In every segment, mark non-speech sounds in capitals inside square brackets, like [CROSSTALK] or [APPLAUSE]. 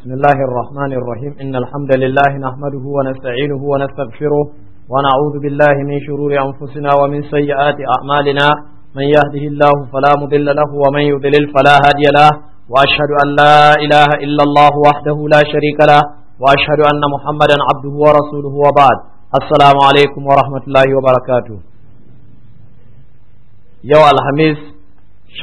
بسم الله الرحمن الرحيم إن الحمد لله نحمده ونستعينه ونستغفره ونعوذ بالله من شرور أنفسنا ومن سيئات أعمالنا من يهده الله فلا مضل له ومن يضلل فلا هادي له وأشهد أن لا إله إلا الله وحده لا شريك له وأشهد أن محمدا عبده ورسوله وبعد السلام عليكم ورحمة الله وبركاته يوم الخميس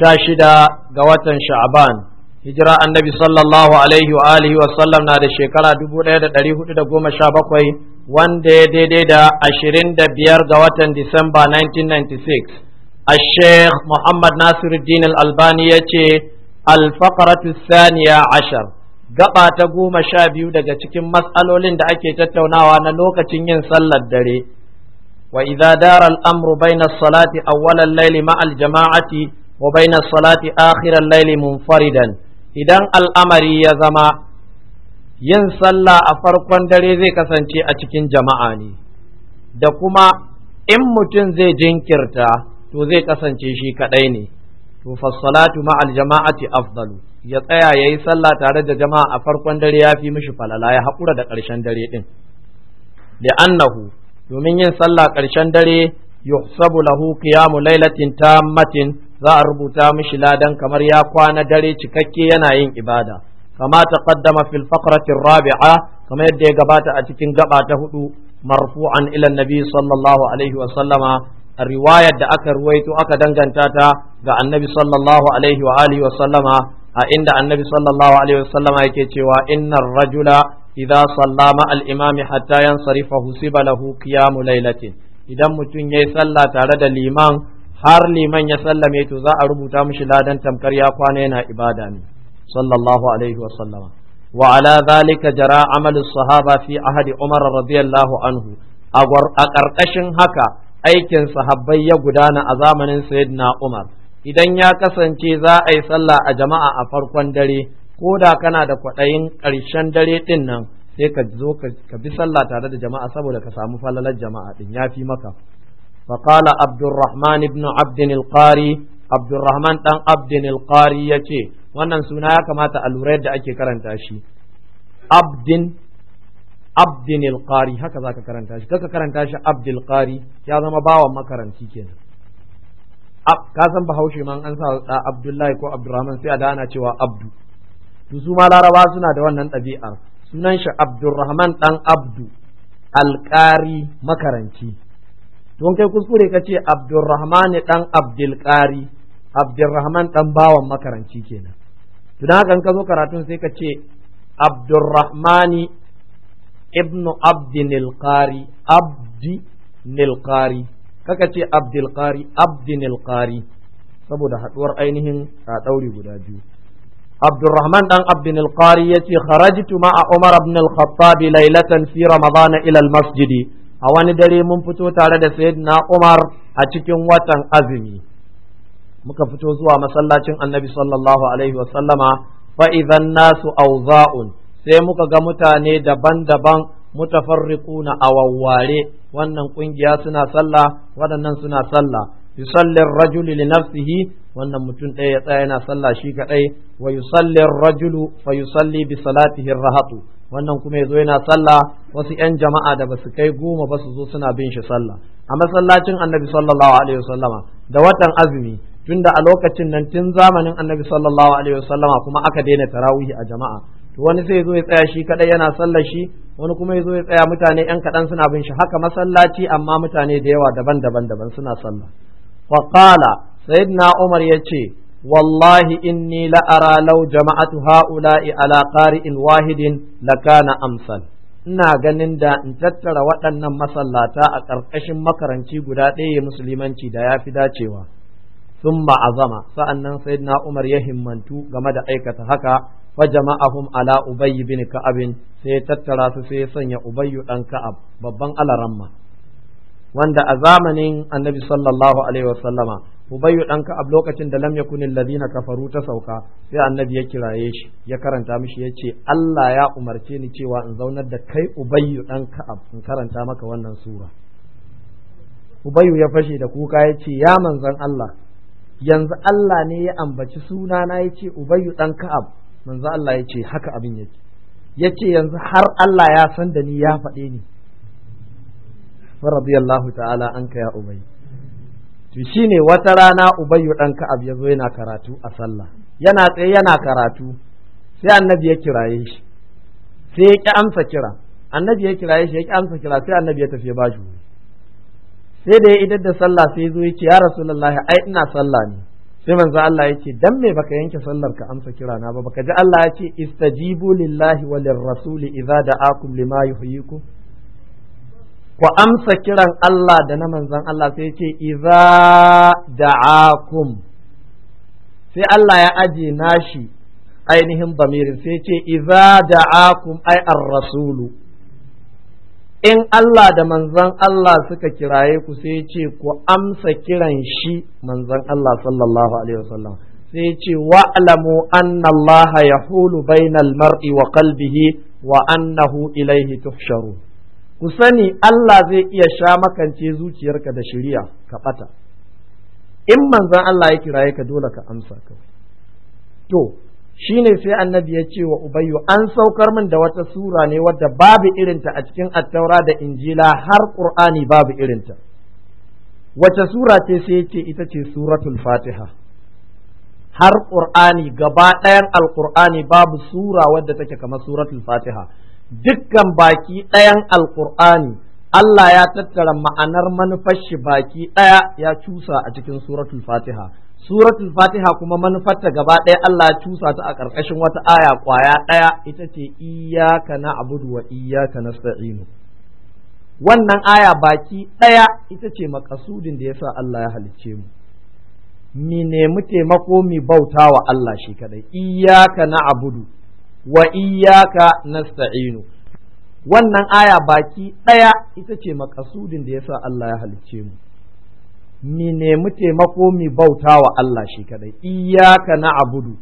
شاشدة قوة شعبان hijira annabi sallallahu alaihi wa alihi wa sallam na da shekara 1417 wanda ya daidai da 25 ga watan Disamba 1996 الشيخ محمد Albani ya ce Al-Faqaratu Saniya عشر gaba ta goma sha biyu daga cikin matsalolin da ake tattaunawa na lokacin yin sallar dare wa idza dara al-amru bayna as-salati awwal al-layli ma'a al-jama'ati wa bayna as-salati akhir al-layli munfaridan idan al'amari ya zama yin sallah a farkon dare zai kasance a cikin jama'a ne da kuma in mutum zai jinkirta to zai kasance shi kaɗai ne to fassalatu ma aljama'ati afdalu ya tsaya yayi sallah tare da jama'a a farkon dare ya fi mishi falala ya haƙura da ƙarshen dare ɗin li'annahu domin yin sallah ƙarshen dare yuhsabu lahu qiyamu lailatin tammatin za a rubuta mishi ladan kamar ya kwana dare cikakke yana yin ibada kama taqaddama fil faqrati rabi'a kamar yadda ya gabata a cikin gaba ta hudu marfu'an ila nabi sallallahu alaihi wa sallama riwayar da aka ruwaito aka danganta ta ga annabi sallallahu alaihi wa alihi wa sallama a inda annabi sallallahu alaihi wa sallama yake cewa innar rajula idza sallama al imami hatta yansarifa husiba lahu qiyamu lailatin idan mutum yayi sallah tare da liman har liman ya sallame to za a rubuta mishi ladan tamkar ya kwana yana ibada ne sallallahu alaihi wa sallama wa ala zalika jara amalu sahaba fi ahadi umar radiyallahu anhu a ƙarƙashin haka aikin sahabbai ya gudana a zamanin sayyidina umar idan ya kasance za a yi sallah a jama'a a farkon dare ko da kana da kwaɗayin ƙarshen dare ɗin nan sai ka zo ka bi sallah tare da jama'a saboda ka samu falalar jama'a ɗin ya fi maka فقال عبد الرحمن بن عبد القاري عبد الرحمن بن عبد القاري يتي wannan suna ya kamata a lura yadda ake karanta shi abdin abdin alqari haka zaka karanta shi kaka karanta shi abdil qari ya zama bawan makaranti kenan ka san bahaushe man an sa abdullahi ko abdurrahman sai a da ana cewa abdu to su ma laraba suna da wannan ɗabi'ar sunan shi abdurrahman dan abdu alqari makaranci don kai kuskure ka ce abdurrahman dan abdulkari abdurrahman dan bawan makaranci kenan tun haka ka zo karatun sai ka ce abdurrahmani ibnu abdinilkari abdinilkari kaka ce abdulkari abdinilkari saboda haduwar ainihin a ɗauri guda biyu Abdulrahman ɗan abdinilkari ya ce kharajtu ma'a umar ibn al-khattab lailatan fi ramadana ila masjidi a wani dare mun fito tare da na Umar a cikin watan azumi muka fito zuwa masallacin annabi sallallahu alaihi sallama fa idan nasu auza'un sai muka ga mutane daban-daban mutafarriquna a wawware wannan kungiya suna sallah waɗannan suna sallah yusalli rajulu li nafsihi wannan mutum ɗaya ya tsaya yana sallah shi kaɗai wa yusalli rajulu fa yusalli bi salatihi rahatu wannan kuma yazo yana sallah wasu 'yan jama'a da basu kai goma ba su zo suna bin shi sallah a masallacin annabi sallallahu alaihi wasallama da watan azumi tunda a lokacin nan tun zamanin annabi sallallahu alaihi wasallama kuma aka daina tarawihi a jama'a to wani sai ya zo ya tsaya shi kadai yana sallar shi wani kuma ya zo ya tsaya mutane 'yan kaɗan suna bin shi haka masallaci amma mutane da yawa daban-daban daban suna sallah qala sayyidina umar yace wallahi inni la'ara lau jama'atu ha'ula'i ala qari'in wahidin lakana amsal ina ganin da in tattara waɗannan masallata a ƙarƙashin makaranci guda ɗaya musulmanci da ya fi dacewa sun ma'azama sa'annan sai na umar ya himmantu game da aikata haka fa jama'ahum ala ubayy bin ka'abin sai ya tattara su sai ya sanya ubayyu ɗan ka'ab babban alaramma wanda a zamanin annabi sallallahu alaihi wasallama ubayyu dan ka'ab lokacin da lam yakun alladhina kafaru ta sauka sai annabi ya kiraye shi ya karanta mishi Ya ce Allah ya umarce ni cewa in zaunar da kai ubayyu ɗanka'ab, ka'ab in karanta maka wannan sura ubayyu ya fashe da kuka ya ce ya manzan Allah yanzu Allah ne ya ambaci suna na ya ce ubayyu ɗan ka'ab manzan Allah ya ce haka abin yake ce yanzu har Allah ya san da ni ya faɗe ni radiyallahu ta'ala anka ya ubayyu to shi ne wata rana ubayyu ɗan ka'ab ya zo yana karatu a sallah yana tsaye yana karatu sai annabi ya kiraye shi sai ya ƙi amsa kira annabi ya kiraye shi ya ƙi amsa kira sai annabi ya tafi ba shi sai da ya idar da sallah sai ya zo ya ce ya rasulullahi ai ina sallah ne sai manzo Allah ya ce dan me baka yanke sallar ka amsa kira na ba baka ji Allah ya ce istajibu lillahi walir rasuli idza da'akum lima yuhyikum ku amsa kiran Allah da na manzan Allah sai ce idza da'akum sai Allah ya aje nashi ainihin bamirin sai ce idza da'akum ai ar-rasulu in Allah da manzon Allah suka kiraye ku sai ce ku amsa kiran shi manzan Allah sallallahu alaihi wasallam sai ce wa'lamu anna Allah yahulu bainal mar'i wa qalbihi wa annahu ilayhi tuhsharun ku sani Allah zai iya sha makance zuciyarka da shari'a ka ɓata. in manzon Allah ya kiraye ka dole ka amsa ka. to shine sai annabi ya ce wa ubayyu an saukar min da wata sura ne wadda babu irinta a cikin attaura da injila har qur'ani babu irinta wace sura ce sai ce ita ce suratul fatiha har qur'ani gaba ɗayan alqur'ani babu sura wadda take kamar suratul fatiha dukkan baki ɗayan alƙur'ani Allah ya tattara ma'anar manufar shi baki ɗaya ya cusa a cikin suratul fatiha suratul fatiha kuma manufarta gaba ɗaya Allah ya cusa ta a ƙarƙashin wata aya ƙwaya ɗaya ita ce iyaka na abudu wa iyaka na sa'inu. wannan aya baki ɗaya ita ce makasudin da yasa Allah ya halicce mu mi nemi taimako mi bauta wa Allah shi kadai iyaka na abudu wa iyyaka nasta'inu wannan aya baki ɗaya ita ce makasudin da yasa Allah ya halicce mu mi nemi taimako mi bauta wa Allah shi kadai iyyaka na'budu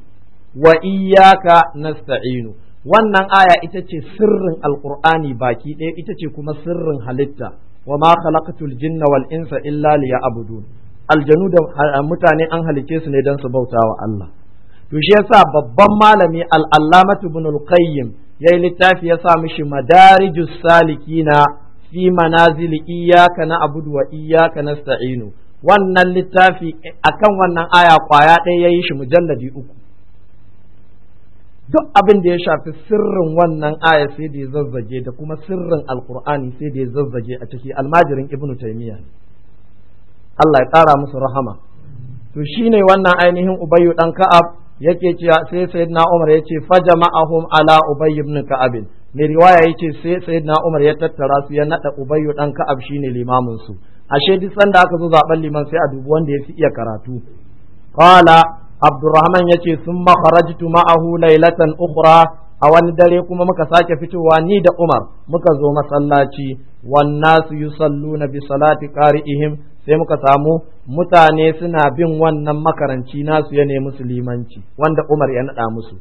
wa iyyaka nasta'inu wannan aya ita ce sirrin alqur'ani baki ɗaya ita ce kuma sirrin halitta wa ma khalaqatul jinna wal insa illa liya'budun aljanu da mutane an halice su ne don su bauta wa Allah to shi yasa babban malami al-allamatu ibn al-qayyim yayi littafi ya sa mishi madarijus salikina fi manazil iyyaka na'budu wa iyyaka nasta'inu wannan littafi akan wannan aya kwaya ɗaya yayi shi mujalladi uku duk abin da ya shafi sirrin wannan aya sai da ya zazzage da kuma sirrin alkur'ani sai da ya zazzage a ciki almajirin ibnu taymiya Allah ya ƙara musu rahama to shine wannan ainihin ubayyu dan ka'ab yake ce sai sayyidina Umar ya ce fajama'ahum ala Ubay ibn Ka'ab mai riwaya ya ce sai sayyidina Umar ya tattara su ya nada Ubay dan Ka'ab shine limamin su ashe duk sanda aka zo zaben liman sai a dubi wanda ya fi iya karatu qala Abdurrahman ya ce summa kharajtu ma'ahu laylatan ukhra a wani dare kuma muka sake fitowa ni da Umar muka zo masallaci wan su yusalluna bi salati qari'ihim sai muka samu mutane suna bin wannan makaranci nasu ya nemi musulmanci wanda Umar ya naɗa musu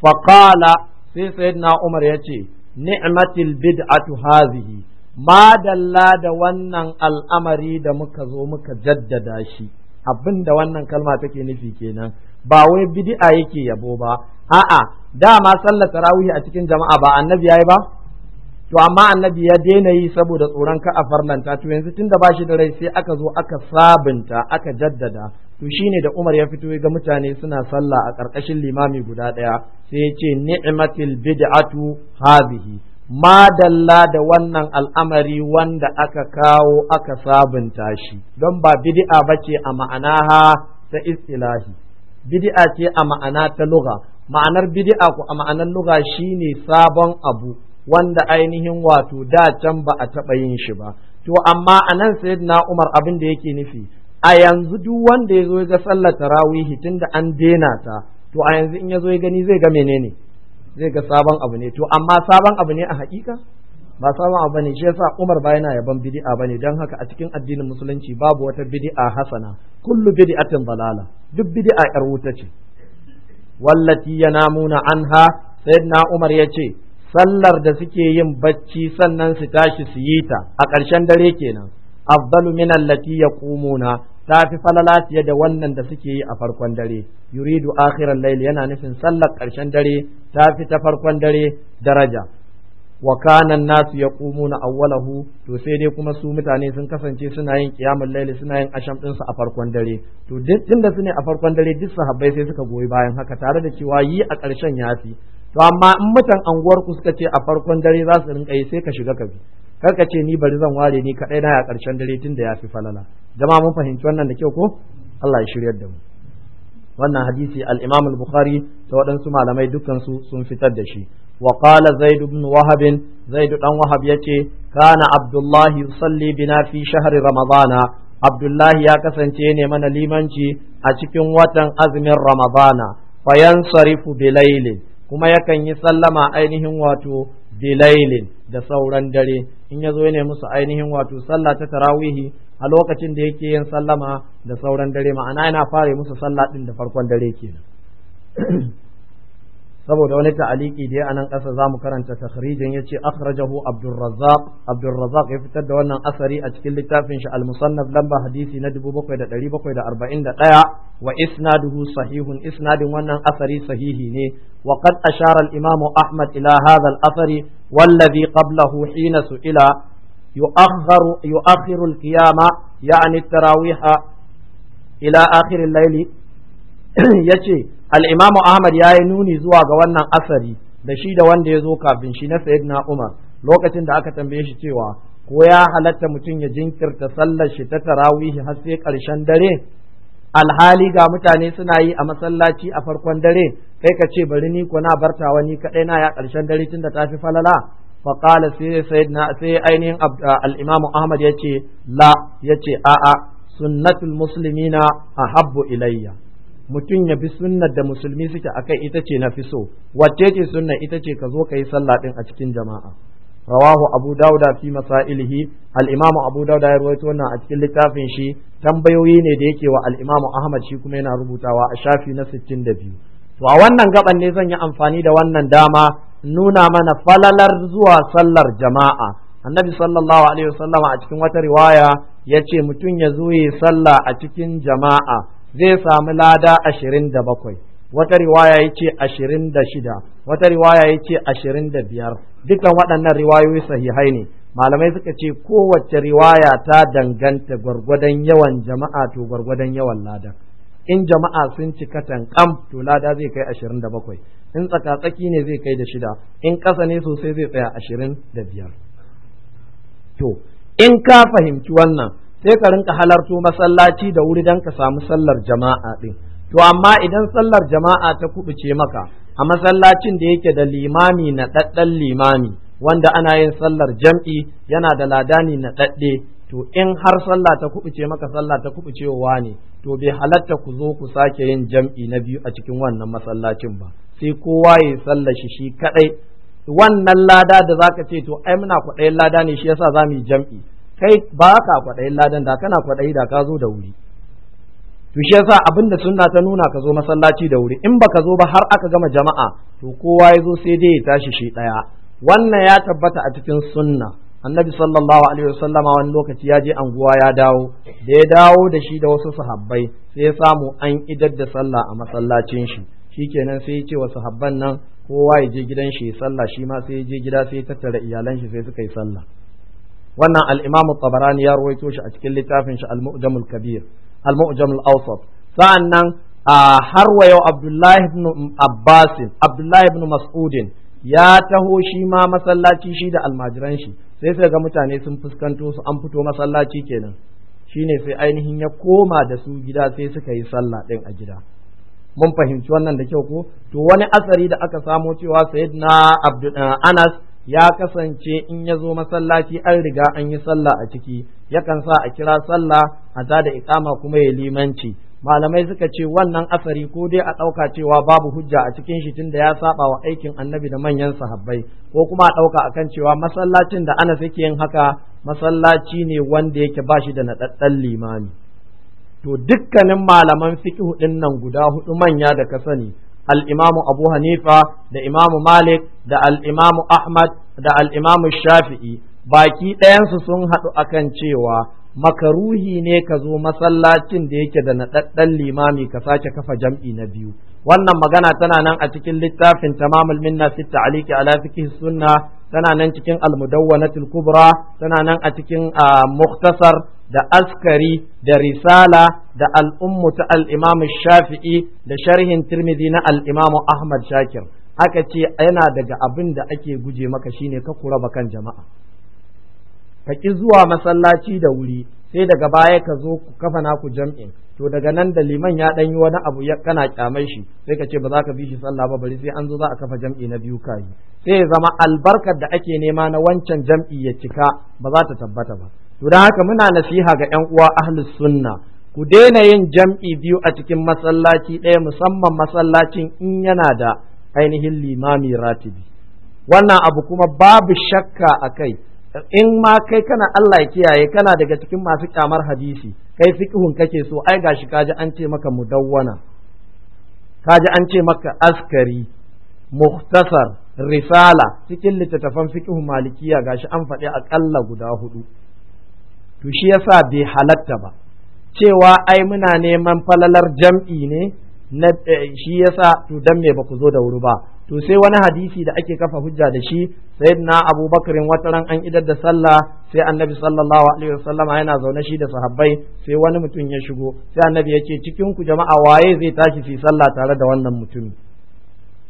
faqala sai sayyidina Umar ya ce ni'matil bid'atu hazihi ma dalla da wannan al'amari da muka zo muka jaddada shi abinda wannan kalma take nufi kenan ba wai bid'a yake yabo ba a'a dama sallar tarawih a cikin jama'a ba annabi yayi ba to amma annabi ya daina yi saboda tsoron ka a farlanta to yanzu tunda ba shi da rai sai aka zo aka sabunta aka jaddada to shine da Umar ya fito ga mutane suna sallah a ƙarƙashin limami guda ɗaya sai ya ce ni'matil bid'atu hadhihi ma dalla da wannan al'amari wanda aka kawo aka sabunta shi don ba bid'a bace a ma'anaha ta istilahi bid'a ce a ma'ana ta lugha ma'anar bid'a ko a ma'anar lugha shine sabon abu wanda ainihin wato da can ba a taɓa yin shi ba to amma a nan na Umar abin da yake nufi a yanzu duk wanda ya zo ga sallar tarawihi tun da an dena ta to a yanzu in ya zo ya gani zai ga menene zai ga sabon abu ne to amma sabon abu ne a haƙiƙa ba sabon abu ne shi yasa Umar ba yana yaban bid'a bane dan haka a cikin addinin musulunci babu wata bid'a hasana kullu bid'atin balala duk bidi'a yar wuta ce wallati yanamuna anha sayyidina Umar ya ce. sallar da suke yin bacci sannan su tashi su yi ta a ƙarshen dare kenan afdalu min allati yaqumuna ta fi falala fiye da wannan da suke yi a farkon dare yuridu akhiran layl yana nufin sallar ƙarshen dare ta fi ta farkon dare daraja wa kana an-nas yaqumuna awwalahu to sai dai kuma su mutane sun kasance suna yin qiyamul layl suna yin asham din su a farkon dare to duk tunda su ne a farkon dare duk sahabbai sai suka goyi bayan haka tare da cewa yi a ƙarshen yafi to amma in mutan anguwar ku suka ce a farkon dare za su rinka yi sai ka shiga ka bi kar ka ce ni bari zan ware ni kaɗai na a karshen dare tun da ya fi falala jama'a mun fahimci wannan da kyau ko Allah ya shiryar da mu wannan hadisi al-Imam al-Bukhari da waɗansu malamai dukkan su sun fitar da shi wa qala Zaid ibn Wahab Zaid dan Wahab yace kana Abdullah yusalli bina fi shahri Ramadana Abdullahi ya kasance ne mana limanci a cikin watan azumin Ramadana yansarifu bilailin kuma yakan yi sallama ainihin wato bilailin da sauran dare in ya zo ya musu ainihin wato sallah ta tarawihi a lokacin da yake yin sallama da sauran dare ma'ana yana fara musu sallah din da farkon dare kenan saboda wani ta'aliki da ya anan ƙasa za mu karanta takhrijin ya ce akhrajahu abdurrazzaq abdurrazzaq ya fitar da wannan asari a cikin littafin shi al-musannaf lamba hadisi na 7741 wa isnaduhu sahihun isnadin wannan asari sahihi ne wa qad ashara al-imam ahmad ila hadha al-asari والذي قبله حين سئل يؤخر يؤخر القيامة يعني التراويح إلى آخر الليل yace al'imamu ahmad ya yi nuni zuwa ga wannan asari da shi da wanda ya zo kafin shi na sayyidina umar lokacin da aka tambaye shi cewa ko ya halatta mutum ya jinkirta sallar shi ta tarawihi har sai ƙarshen dare alhali ga mutane suna yi a masallaci a farkon dare kai ka ce bari ni ko na barta wani kaɗai na ya ƙarshen dare tun da tafi falala fa sai sayyidina sai ainihin al Ahmad ahmad yace la yace a'a sunnatul muslimina ahabbu ilayya mutum ya bi sunnar da musulmi suke akai ita ce na fi so wacce ce sunna ita ce ka zo ka yi sallah din a cikin jama'a rawahu abu dauda fi masailihi al-imamu abu dauda ya rawaito wannan a cikin littafin shi tambayoyi ne da yake wa al-imamu ahmad shi kuma yana rubutawa a shafi na sittin da biyu. to a wannan gaban ne zan yi amfani da wannan dama nuna mana falalar zuwa sallar jama'a annabi sallallahu alaihi wasallam a cikin wata riwaya yace mutum ya zo yi sallah a cikin jama'a zai samu lada ashirin da bakwai wata riwaya ya ce ashirin da shida wata riwaya ya ce ashirin da biyar dukan waɗannan riwayoyi sahihai ne malamai suka ce kowace riwaya ta danganta gwargwadon yawan jama'a to gwargwadon yawan lada in jama'a sun cika tankam to lada zai kai ashirin da bakwai in tsakatsaki ne zai kai da shida in ƙasa ne sosai zai tsaya ashirin da biyar to in ka fahimci wannan sai ka rinka halarto masallaci da wuri don ka samu sallar jama'a ɗin to amma idan sallar jama'a ta kubuce maka a masallacin da yake da limami na ɗaɗɗan limami wanda ana yin sallar jam'i yana da ladani na ɗaɗɗe to in har sallah ta kubuce maka sallah ta kubucewa ne to bai halatta ku zo ku sake yin jam'i na biyu a cikin wannan masallacin ba sai kowa ya sallar shi shi kadai wannan lada da zaka ce to ai muna ɗayan lada ne shi yasa za mu yi jam'i kai ba ka kwaɗayin ladan da kana kwaɗayi da ka zo da wuri to shi yasa abin da sunna ta nuna ka zo masallaci da wuri in baka zo ba har aka gama jama'a to kowa ya zo sai dai ya tashi shi ɗaya wannan ya tabbata a cikin sunna annabi sallallahu alaihi wasallama wani lokaci ya je anguwa ya dawo da ya dawo da shi da wasu sahabbai sai ya samu an idar da sallah a masallacin shi shikenan sai ya ce wa sahabban nan kowa ya je gidan shi ya sallah shi ma sai ya je gida sai ya tattara iyalan shi sai suka yi sallah wannan al-imamu tabarani ya ruwaito shi a cikin littafin shi al-mu'jamul kabir al-mu'jamul awsat nan har wa yau abdullahi ibn abbas abdullahi ibn mas'ud ya taho shi ma masallaci shi da almajiran shi sai sai ga mutane sun fuskanto su an fito masallaci kenan shine sai ainihin ya koma da su gida sai suka yi sallah din a gida mun fahimci wannan da kyau ko to wani asari da aka samo cewa sayyidina eh, anas ya kasance in ya zo masallaci an riga an yi sallah a ciki yakan sa a kira sallah a ta da ikama kuma ya limanci malamai suka ce wannan asari ko dai a ɗauka cewa babu hujja a cikin shi tunda ya saba wa aikin annabi da manyan sahabbai ko kuma a ɗauka akan cewa masallacin da ana suke yin haka masallaci ne wanda yake ba shi da naɗaɗɗen limami to dukkanin malaman fiƙi huɗin nan guda huɗu manya da ka sani al-imamu abu hanifa da imamu malik da al-imamu ahmad da al-imamu shafi'i baki ɗayansu sun haɗu akan cewa makaruhi ne ka zo masallacin da yake da naɗaɗɗen limami ka sake kafa jam'i na biyu wannan magana tana nan a cikin littafin tamamul minna Sitta, ta'liqi ala fiqh sunna tana nan cikin almudawwanatul kubra tana nan a cikin muktasar da askari da risala da al'ummu ta al'imamu shafi'i da sharhin tirmidhi na al'imamu ahmad shakir aka ce yana daga abin da ake guje maka shine ka kura kan jama'a ka ki zuwa masallaci da wuri sai daga baya ka zo ku kafa naku jam'in to daga nan da liman ya dan yi wani abu ya kana kyamai shi sai ka ce ba za ka bi shi sallah ba bari sai an zo za a kafa jam'i na biyu kai sai ya zama albarkar da ake nema na wancan jam'i ya cika ba za ta tabbata ba to dan haka muna nasiha ga 'yan uwa ahlus sunna ku daina yin jam'i biyu a cikin masallaci ɗaya musamman masallacin in yana da ainihin limami ratibi wannan abu kuma babu shakka a kai in ma kai kana Allah ya kiyaye kana daga cikin masu kyamar hadisi kai fiqhun kake so ai gashi kaji an ce maka mudawwana kaji an ce maka askari muhtasar risala cikin littattafan fiqhun malikiya gashi an faɗi aƙalla guda hudu to shi yasa bai halatta ba cewa ai muna neman falalar jam'i ne na eh, shi yasa to dan me ba ku zo da wuri ba to sai wani hadisi da ake kafa hujja da shi na sayyidina abubakarin wataran an idar da sallah sai annabi sallallahu alaihi wasallama yana zaune shi da sahabbai sai wani mutum ya shigo sai annabi ya ce cikin ku jama'a waye zai tashi su sallah tare da wannan mutum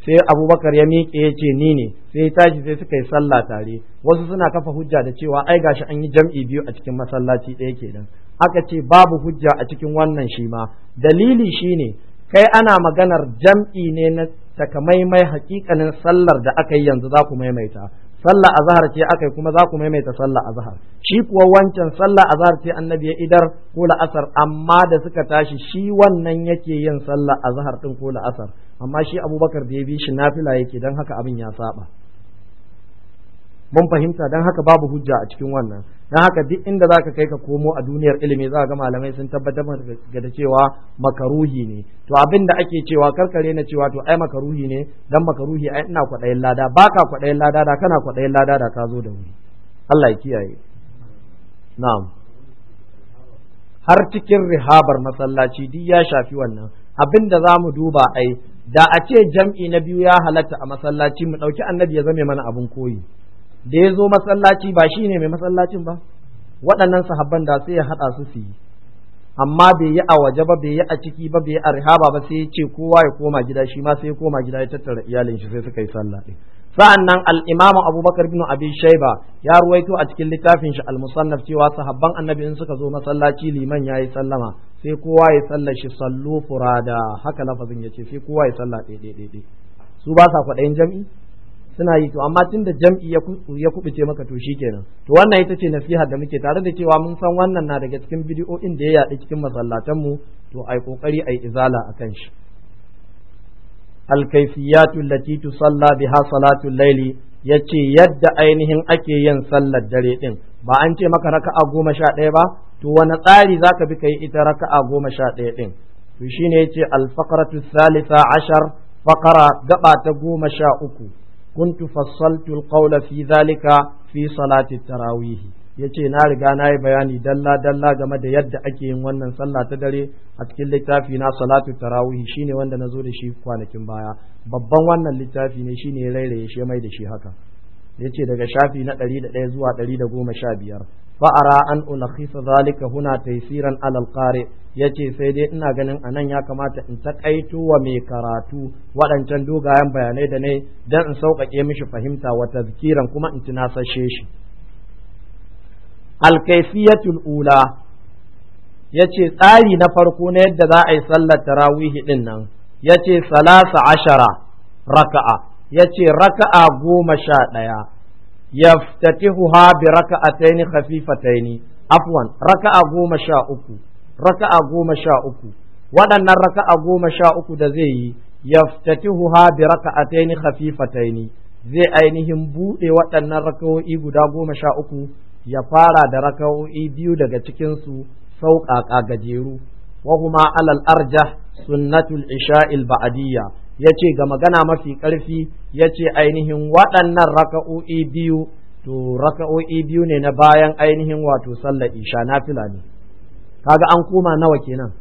sai abubakar ya miƙe ya ce ni ne sai ya tashi sai suka yi sallah tare wasu suna kafa hujja da cewa ai gashi an yi jam'i biyu a cikin masallaci ɗaya kenan aka ce babu hujja a cikin wannan shi ma dalili shine kai ana maganar jam'i ne na takamaimai hakikanin sallar da aka yi yanzu za ku maimaita sallah azhar ce akai kuma za ku maimaita sallah azhar shi kuwa wancan sallah azhar ce annabi ya idar ko la'asar amma da suka tashi shi wannan yake yin sallah azhar din ko la'asar amma shi abubakar da ya bi shi nafila yake don haka abin ya saba mun fahimta don haka babu hujja a cikin wannan Na haka duk inda zaka kai ka komo a duniyar ilimi za ga malamai sun tabbatar ga da cewa makaruhi ne to abin da ake cewa karkare na cewa to ai makaruhi ne dan makaruhi ai ina kwadayin lada baka kwadayin lada da kana kwadayin lada da ka zo da wuri Allah ya kiyaye na'am har cikin rihabar masallaci duk ya shafi wannan abin da za mu duba ai da a ce jam'i na biyu ya halatta a masallaci mu ɗauki annabi ya zame mana abin koyi da ya zo masallaci ba shi ne mai masallacin ba waɗannan sahabban da sai ya haɗa su su yi amma bai yi a waje ba bai yi a ciki ba bai yi a rihaba ba sai ya ce kowa ya koma gida shi ma sai ya koma gida ya tattara iyalin shi sai suka yi sallah ɗin sa'an nan al abubakar bin abi shaiba ya ruwaito a cikin littafin shi al-musannaf cewa sahabban annabi in suka zo masallaci liman ya yi sallama sai kowa ya sallar shi sallu furada haka lafazin ya ce sai kowa ya sallah ɗaiɗaiɗaiɗai su ba sa kwaɗayin jam'i suna yi to amma tunda jam'i ya kubuce maka to shi kenan, to wannan ita ce nasiha da muke tare da cewa mun san wannan na daga cikin bidiyo'in da ya yaɗu cikin masallatan mu to ai kokari ai izala akan shi kayfiyatu allati tusalla biha salatu layli yace yadda ainihin ake yin sallar dare din ba an ce maka raka'a goma sha ɗaya ba to wani tsari zaka bi kai ita raka'a goma sha ɗaya din to shine yace al-faqratu thalitha ashar faqara gaba ta goma sha uku كنت فصلت القول في ذلك في صلاة التراويح yace na riga na yi bayani dalla dalla game da yadda ake yin wannan sallah ta dare a cikin littafi na salatu tarawih shine wanda na zo da shi kwanakin baya babban wannan littafi ne shine ya rairaye shi mai da shi haka yace daga shafi na ɗaya zuwa 115 fa'ara an ulakhisa zalika huna taysiran alal Ya yace sai dai ina ganin anan ya kamata in takaito wa mai karatu waɗancan dogayen bayanai da ne dan in sauƙaƙe mishi fahimta wata tazkiran kuma in tunasashe shi alkaifiyatul ula yace tsari na farko na yadda za a yi sallar tarawihi ɗin nan yace salasa ashara raka'a yace raka'a goma sha ɗaya yaftatihuha bi raka'ataini khafifataini afwan raka'a goma sha uku raka'a goma sha uku waɗannan raka'a goma sha uku da zai yi yaftatihuha bi raka'ataini khafifataini zai ainihin buɗe waɗannan raka'o'i guda goma sha uku ya fara da raka'o'i biyu daga cikinsu sauƙaƙa gajeru wa huma alal arjah sunnatul isha'il ba'diyya ya ce ga magana mafi ƙarfi ya ce ainihin waɗannan raka'o'i biyu to raka'o'i biyu ne na bayan ainihin wato sallar isha fila ne kaga an koma nawa kenan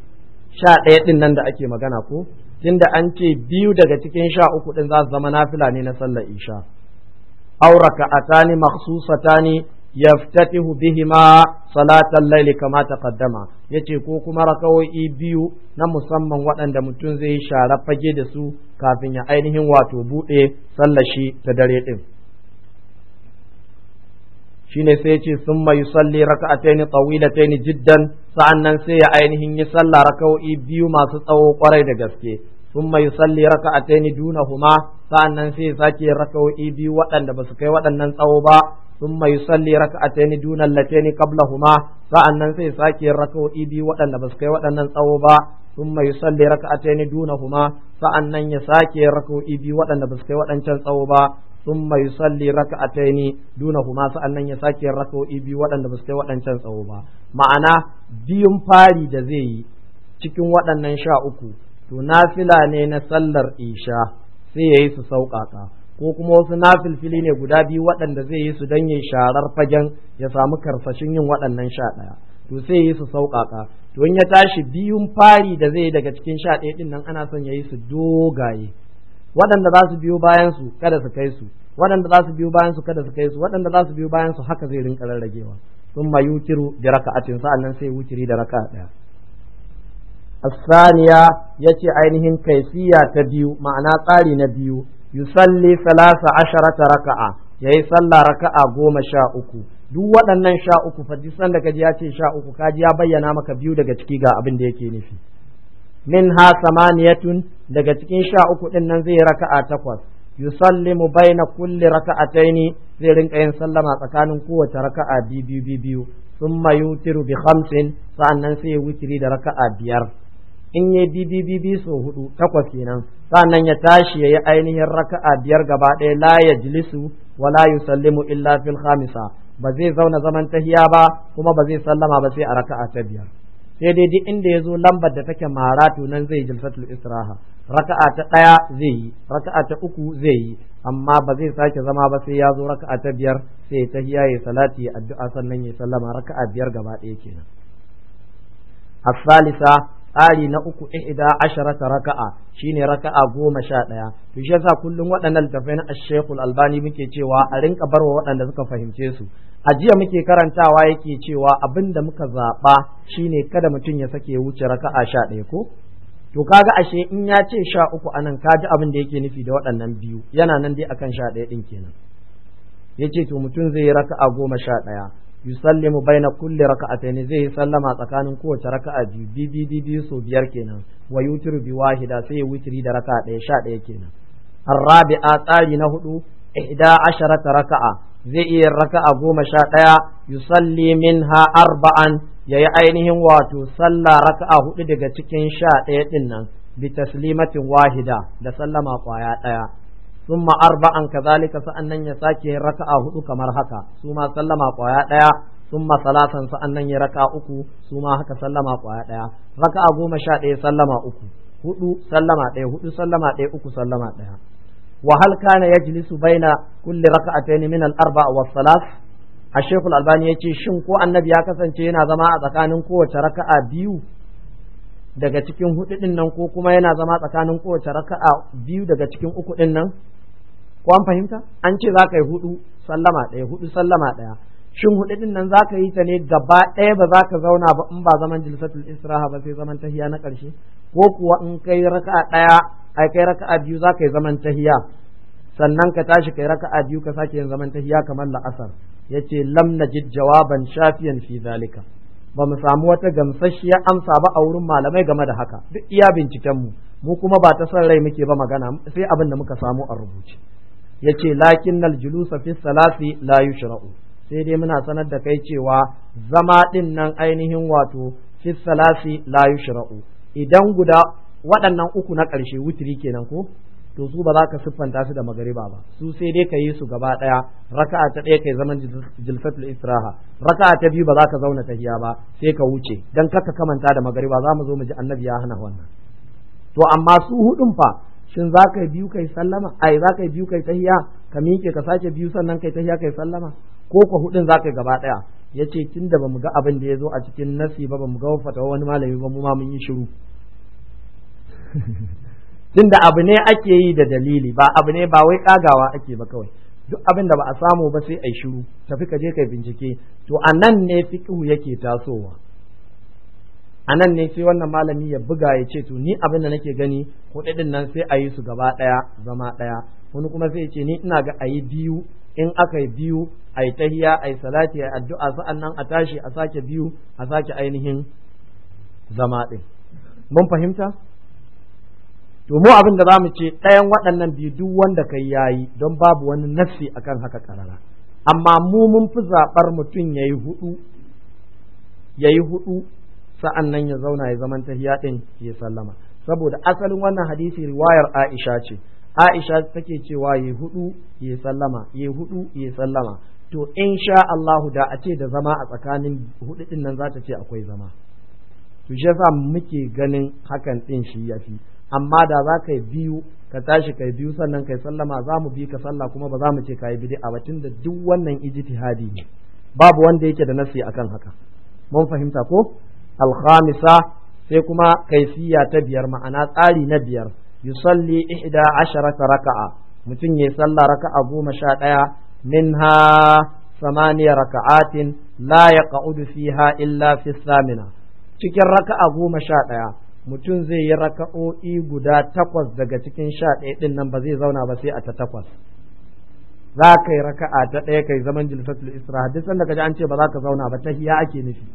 sha ɗaya ɗin nan da ake magana ko tunda an ce biyu daga cikin sha uku ɗin za su zama fila ne na sallar isha aw raka'atani makhsusatani yaftatihu bihima salatan laili kama taqaddama yace ko kuma raka'o'i biyu na musamman waɗanda mutum zai shara fage da su kafin ya ainihin wato buɗe sallashi ta dare ɗin shine sai ya ce sun mai salli raka'ataini tawilataini jiddan sa'annan sai ya ainihin yi salla raka'o'i biyu masu tsawo kwarai da gaske sun mai salli huma. Sa'an sa'annan sai ya sake raka'o'i biyu waɗanda ba su kai waɗannan tsawo ba sun mai salli kabla huma. Sa'an sa'annan sai ya sake raka'o'i biyu waɗanda ba su kai waɗannan tsawo ba sun mai salli duna huma. sa'an nan ya sake raka'o'i biyu waɗanda ba su kai waɗancan tsawo ba mai salli raka a taini duna kuma sa'an nan ya sake raka'o'i biyu waɗanda ba su kai waɗancan tsawo ba ma'ana biyun fari da zai yi cikin waɗannan sha uku to nafila ne na sallar isha sai ya yi su sauƙaƙa ko kuma wasu na filfili ne guda biyu waɗanda zai yi su don yin sharar fagen ya samu karsashin yin waɗannan sha ɗaya to sai yi su sauƙaƙa to in ya tashi biyun fari da zai daga cikin sha ɗaya ɗin nan ana son ya yi su dogaye waɗanda za su biyo bayan su kada su kai su waɗanda za su biyo bayan su kada su kai su waɗanda za su biyo bayan su haka zai rinka rarragewa sun ma yukiru da raka'atin sa'an nan sai wukiri da raka'a ɗaya ya ce ainihin ta biyu, ma'ana tsari na biyu. Yusalli salasa يصلي ta raka'a, ya yi sallah raka'a goma sha uku. duk waɗannan sha uku fadi san sanda ya ce sha uku kaji ya bayyana maka biyu daga ciki ga abin da yake nufi min ha samaniyatun daga cikin sha uku din nan zai raka'a takwas yusallimu baina kulli raka'ataini zai rinka yin sallama tsakanin kowace raka'a biyu biyu biyu summa yutiru bi khamsin sa'annan sai ya witiri da raka'a biyar in ya bi bi biyu so hudu takwas kenan nan ya tashi ya yi ainihin raka'a biyar gaba ɗaya la ya jilisu wala yusallimu illa fil khamisa ba zai zauna zaman tahiya ba kuma ba zai sallama ba sai a raka'a ta biyar sai dai duk inda ya zo lambar da take maratu nan zai jilsatul israha raka'a ta ɗaya zai yi raka'a ta uku zai yi amma ba zai sake zama ba sai ya zo raka'a ta biyar sai ya tahiya ya salati ya addu'a sannan ya sallama raka'a biyar gaba ɗaya kenan as-salisa tsari na uku ihda asharata raka'a shine raka'a goma sha ɗaya to shi yasa kullum waɗannan littafai na Sheikh Albani muke cewa a rinka barwa waɗanda suka fahimce su a jiya muke karantawa yake cewa abin da muka zaɓa shine kada mutum ya sake wuce raka'a sha ɗaya ko to kaga ashe in ya ce sha uku a anan ji abin da yake nufi da waɗannan biyu yana nan dai akan sha ɗaya ɗin kenan ya ce to mutum zai yi raka'a goma sha ɗaya yusallimu baina kulli raka'atayn zai sallama tsakanin kowace raka'a biyu biyu biyu so biyar kenan wa yutiru bi wahida sai witri da raka'a ɗaya sha ɗaya kenan arrabi'a tsari na hudu ihda asharata raka'a zai iya raka'a goma sha ɗaya yusalli minha arba'an yayi ainihin wato sallah raka'a hudu daga cikin sha ɗaya ɗinnan, nan bi taslimatin wahida da sallama kwaya ɗaya ثم arba'an kadhalika sa'annan ya sake raka'a hudu kamar haka su ma sallama kwaya daya thumma salatan sa'annan ya raka'a uku su ma haka sallama kwaya daya raka'a goma sha daya sallama uku hudu sallama daya hudu sallama daya uku sallama daya wa hal kana yajlisu baina kulle raka'a min al-arba'a was-salat Ashekul Albani ya ce shin ko annabi ya kasance yana zama a tsakanin kowace raka'a biyu daga cikin hudu din nan ko kuma yana zama tsakanin kowace raka'a biyu daga cikin uku din ko an fahimta an ce za ka yi hudu sallama ɗaya hudu sallama ɗaya shin hudu din nan za ka yi ta ne gaba ɗaya ba za ka zauna ba in ba zaman jilsatul israha ba sai zaman tahiya na ƙarshe ko kuwa in kai raka'a ɗaya ai kai raka'a biyu za ka yi zaman tahiya sannan ka tashi kai raka'a biyu ka sake yin zaman tahiya kamar la'asar yace lam najid jawaban shafiyan fi zalika ba mu samu wata gamsasshiyar amsa ba a wurin malamai game da haka duk iya binciken mu mu kuma ba ta son rai muke ba magana sai abin da muka samu a rubuce Ya ce lakin nal julusa fi salati la yushra'u sai dai muna sanar da kai cewa zama din nan ainihin wato fi salati la yushra'u idan guda waɗannan uku na ƙarshe wutiri kenan ko to su ba za ka siffanta su da magariba ba su sai dai ka yi su gaba ɗaya raka'a ta ɗaya kai zaman jilfatul israha raka'a ta biyu ba za ka zauna tahiya ba sai ka wuce dan kaka kamanta da magariba za mu zo mu ji annabi ya hana wannan to amma su hudun fa shin za ka biyu kai sallama ai za ka biyu kai tahiya ka miƙe ka sake biyu sannan kai tahiya kai sallama ko ka hudun za ka gaba daya yace tunda bamu ga abin da ya zo a cikin nasi ba bamu ga wafata wani malami ba mu ma mun yi shiru [LAUGHS] tunda abu ne ake yi da dalili ba abu ne ba wai kagawa ake ba kawai duk abin da ba a samu ba sai ai shiru tafi ka je kai bincike to anan ne fiqhu yake tasowa a nan ne sai wannan malami ya buga ya ce to ni abin da nake gani kuɗaɗin nan sai a yi su gaba ɗaya zama ɗaya wani kuma sai ce ni ina ga a yi biyu in aka yi biyu a yi tahiya a yi salati a yi addu'a sa'an nan a tashi a sake biyu a sake ainihin zama ɗin mun fahimta to mu abin da za mu ce ɗayan waɗannan biyu duk wanda kai yayi don babu wani nafsi akan haka karara amma mu mun fi zaɓar mutum ya yi hudu ya yi hudu sa'an nan ya zauna ya zaman tahiya ɗin ya sallama saboda asalin wannan hadisi riwayar Aisha ce Aisha take cewa ya hudu ya sallama ya hudu ya sallama to in sha Allahu da a ce da zama a tsakanin hudu din nan za ta ce akwai zama to shi yasa muke ganin hakan ɗin shi ya fi amma da za ka yi biyu ka tashi kai biyu sannan kai sallama za mu bi ka sallah kuma ba za mu ce ka yi bid'a ba tunda duk wannan ijtihadi ne babu wanda yake da nasi akan haka mun fahimta ko alhamisa sai kuma kaifiya ta biyar ma'ana tsari na biyar yusalli ihda asharata raka'a mutum ya salla raka'a goma sha ɗaya minha samaniya raka'atin la ka'udu fiha illa fi samina cikin raka'a goma sha ɗaya mutum zai yi raka'o'i guda takwas daga cikin sha ɗaya ɗin nan ba zai zauna ba sai a ta takwas za ka yi raka'a ta ɗaya kai zaman jilfatul isra duk sanda ka ji an ce ba za ka zauna ba tahiya ake nufi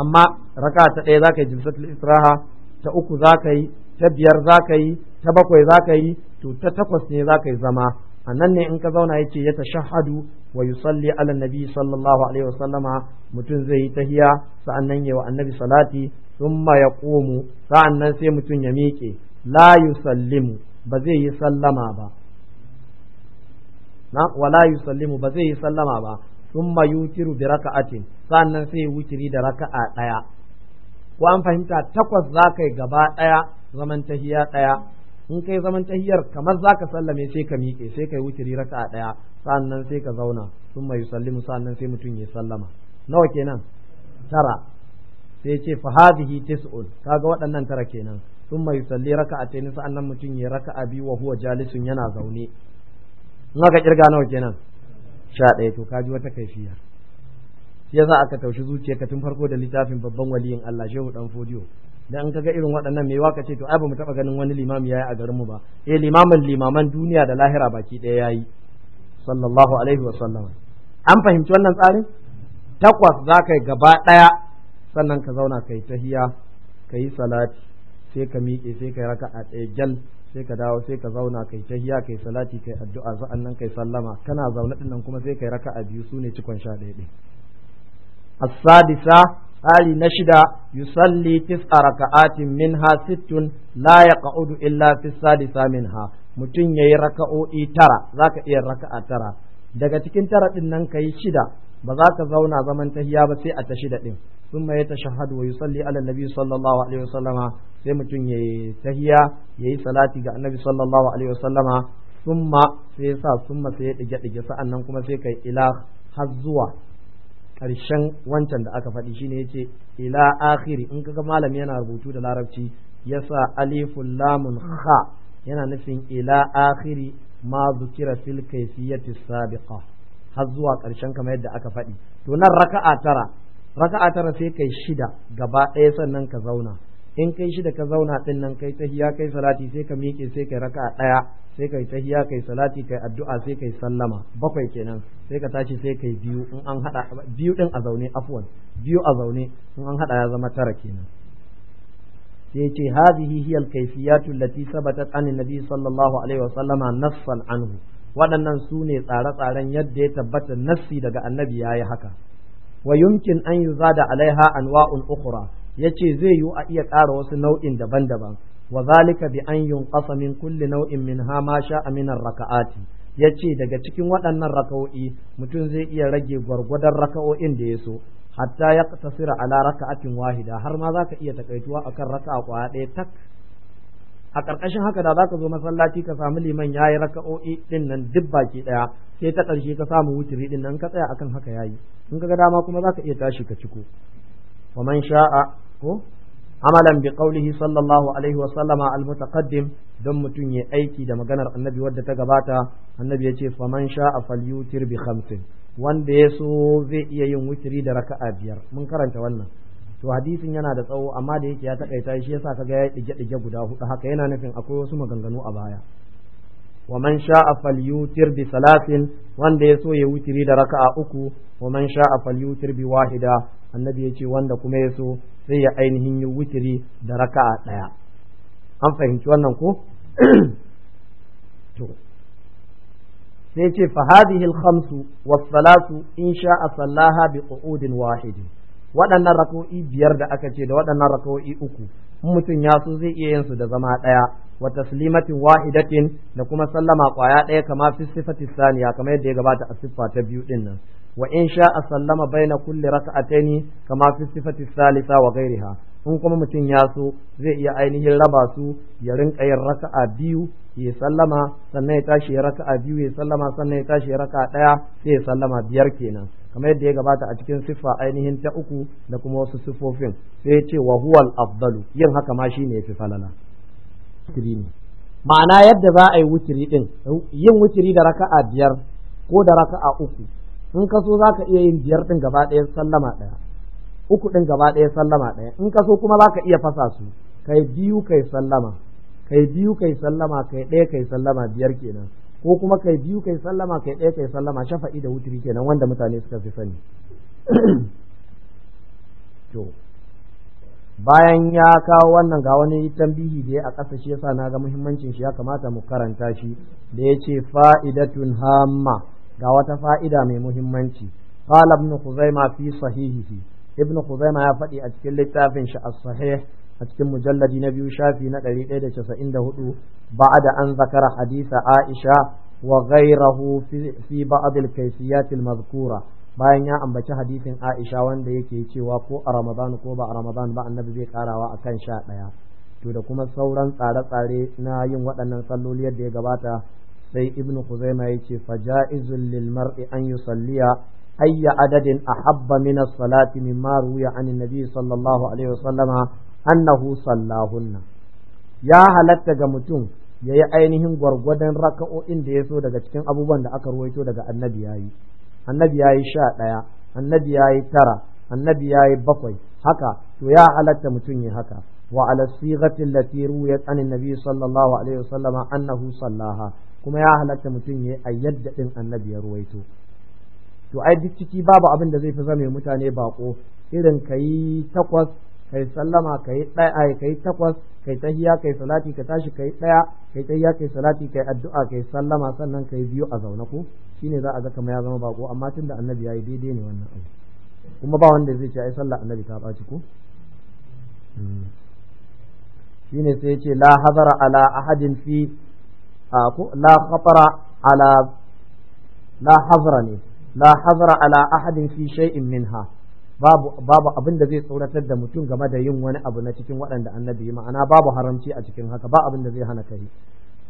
amma raka ta ɗaya za ka yi jilsatul israha ta uku za ka yi ta biyar za ka yi ta bakwai za ka yi to ta takwas ne za ka yi zama a nan ne in ka zauna ya ce ya tashahadu wa yusalli ala nabi sallallahu alaihi wasallama mutum zai yi tahiya sa'annan yi wa annabi salati thumma yaqumu sa'annan sai mutum ya miƙe la yusallimu ba zai yi sallama ba na wala yusallimu ba zai yi sallama ba summa yutiru bi raka'atin sannan sai wutiri da raka'a ɗaya ko an fahimta takwas za ka yi gaba ɗaya zaman tahiya ɗaya in kai zaman tahiyar kamar za ka sallame sai ka miƙe sai ka yi wutiri raka'a ɗaya sannan sai ka zauna summa yusallimu sannan sai mutum ya sallama nawa kenan tara sai ce fa hadhihi tis'un kaga waɗannan tara kenan summa yusalli raka'atayn sa'annan mutum ya raka'a biyu wa huwa jalisun yana zaune in aka kirga nawa kenan sha ɗaya to kaji wata kaifiyar shi yasa aka taushi ka tun farko da littafin babban waliyin Allah Shehu Dan Fodiyo dan an kaga irin waɗannan me waka ce to ai bamu taba ganin wani limami yayi a garin mu ba eh limamin limaman duniya da lahira baki ɗaya yayi sallallahu alaihi wa sallam an fahimci wannan tsarin takwas za ka yi gaba ɗaya sannan ka zauna kai yi tahiya ka yi salati sai ka miƙe sai ka yi raka'a ɗaya jal sai ka dawo sai ka zauna kai tahiya kai salati kai addu'a nan kai sallama kana zaune dinnan kuma sai kai raka'a biyu sune cikon sha ɗaya ɗin as-sadisa ali na shida yusalli tis'a raka'atin minha sittun la yaqudu illa fi sadisa minha mutum yayi raka'o'i tara zaka iya raka'a tara daga cikin tara ɗinnan nan kai shida ba za ka zauna zaman tahiya ba sai a ta shida ɗin ثم يتشهد ويصلي على النبي صلى الله عليه وسلم sai mutum ya yi tahiya ya yi salati ga annabi sallallahu alaihi wasallama summa sai ya sa summa sai ya dige dige sa'an nan kuma sai kai ila har zuwa karshen wancan da aka faɗi shine yace ila akhiri in ga malami yana rubutu da larabci yasa alifun lamun kha yana nufin ila akhiri ma zukira fil kayfiyati sabiqa har zuwa karshen kamar yadda aka faɗi to nan raka'a tara raka'a tara sai kai shida gaba ɗaya sannan ka zauna in kai shida ka zauna ɗin nan kai tahiya kai salati sai ka miƙe sai kai raka'a ɗaya sai kai tahiya kai salati kai addu'a sai kai sallama bakwai kenan sai ka tashi sai kai biyu in an haɗa biyu din a zaune afwan biyu a zaune in an hada ya zama tara kenan sai ce hadhihi hiya al-kayfiyatu allati sabatat an nabi sallallahu alaihi wa sallama nassan anhu waɗannan su ne tsare-tsaren yadda ya tabbata nassi daga annabi yayi haka wa yumkin an yuzada alaiha anwa'un ukhra yace zai yiwu a iya ƙara wasu nau'in daban-daban wazalika bi an yunqasa min nau'in minha ma sha'a raka'ati yace daga cikin waɗannan raka'o'i mutum zai iya rage gwargwadon raka'o'in da ya so hatta ya tasira ala raka'atin wahida har ma zaka iya takaituwa akan raka'a kwaya ɗaya tak a ƙarƙashin haka da zaka zo masallaci ka samu liman yayi raka'o'i ɗin nan duk baki ɗaya sai ta ƙarshe ka samu wuturi din nan ka tsaya akan haka yayi in ka ga dama kuma za ka iya tashi ka ciko wa man sha'a ko amalan bi qawlihi sallallahu alaihi wa sallama al mutaqaddim don mutum ya aiki da maganar annabi wadda ta gabata annabi ya ce man sha'a falyutir bi khamsin wanda ya so zai iya yin wutiri da raka'a biyar mun karanta wannan to hadisin yana da tsawo amma da yake ya takaita shi yasa kaga ya dige dige guda hudu haka yana nufin akwai wasu maganganu a baya wa man sha'a falyutir bi salasin wanda ya so ya wutiri da raka'a uku wa man sha'a falyutir bi wahida annabi ya ce wanda kuma ya so sai ya ainihin ya wutiri da raka'a ɗaya an fahimci wannan ko to sai ce fa hadhihi al-khamsu was-salatu in sha'a sallaha bi qu'udin wahidi waɗannan raka'o'i biyar da aka ce da waɗannan raka'o'i uku in mutum ya zai iya yin su da zama ɗaya wa taslimatin wahidatin da kuma sallama kwaya ɗaya kama fi sifati saniya kamar yadda ya gabata a siffa ta biyu din nan wa in sha a sallama baina kulli raka'ataini kama fi sifati salisa wa ghairiha in kuma mutum ya so zai iya ainihin raba su ya rinka yin raka'a biyu ya sallama sannan ya tashi ya raka'a biyu ya sallama sannan ya tashi ya raka'a ɗaya sai ya sallama biyar kenan kamar yadda ya gabata a cikin siffa ainihin ta uku da kuma wasu siffofin sai ya ce wa huwal afdalu yin haka ma shine ya fi falala wuciri ne ma'ana yadda za a yi wuciri din yin wutiri da raka'a biyar ko da raka'a uku in ka so za ka iya yin biyar din gaba ɗaya sallama ɗaya uku din gaba ɗaya sallama ɗaya in ka so kuma za ka iya fasa su kai biyu kai sallama kai biyu kai sallama kai ɗaya kai sallama biyar kenan ko kuma kai biyu kai sallama kai ɗaya kai sallama shafa'i da wuciri kenan wanda mutane suka fi sani [COUGHS] to bayan ya kawo wannan ga wani tambihi da ya a ƙasa shi yasa na ga muhimmancin shi ya kamata mu karanta shi da ya ce fa'idatun hamma ga wata fa'ida mai muhimmanci qala ibn khuzaima fi sahihihi ibn khuzaima ya faɗi a cikin littafin shi as-sahih a cikin mujalladi na biyu shafi na 194 ba'da an zakara hadisa aisha wa ghayrahu fi ba'd al-kayfiyat al-madhkura bayan ya ambaci hadisin Aisha wanda yake cewa ko a Ramadan ko ba a Ramadan ba annabi zai karawa akan sha ɗaya to da kuma sauran tsare-tsare na yin waɗannan salloli yadda ya gabata sai ibnu Khuzaima ce fajaizul lil mar'i an yusalliya ayya adadin ahabba min as-salati mimma ruya an nabi sallallahu alaihi wasallama annahu sallahunna ya halatta ga mutum yayi ainihin gwargwadon raka'o'in da ya so daga cikin abubuwan da aka ruwaito daga annabi yayi annabi ya yi sha ɗaya annabi ya yi tara annabi ya yi bakwai haka to ya halatta mutum ya haka wa ala sighati allati ruwiyat an annabi sallallahu alaihi wasallama annahu sallaha kuma ya halatta mutum ya yi yadda din annabi ya ruwaito to ai duk ciki babu abin da zai fi zame mutane bako irin kayi takwas kai sallama kai ɗaya kai takwas kai tahiya kai salati ka tashi kai ɗaya kai tahiya kai salati kai addu'a kai sallama sannan kai biyu a zaune ko shine za a ga kamar ya zama bako amma tunda annabi yayi daidai ne wannan aiki kuma ba wanda zai ce ai sallar annabi ta ɓaci ko hmm. shine sai yace la hazara ala ahadin fi ko la khatara ala la hazara ne la hazara ala ahadin fi shay'in minha babu babu abin da zai tsoratar da mutum game da yin wani abu na cikin waɗanda annabi ma'ana babu haramci a cikin haka ba abin da zai hana kai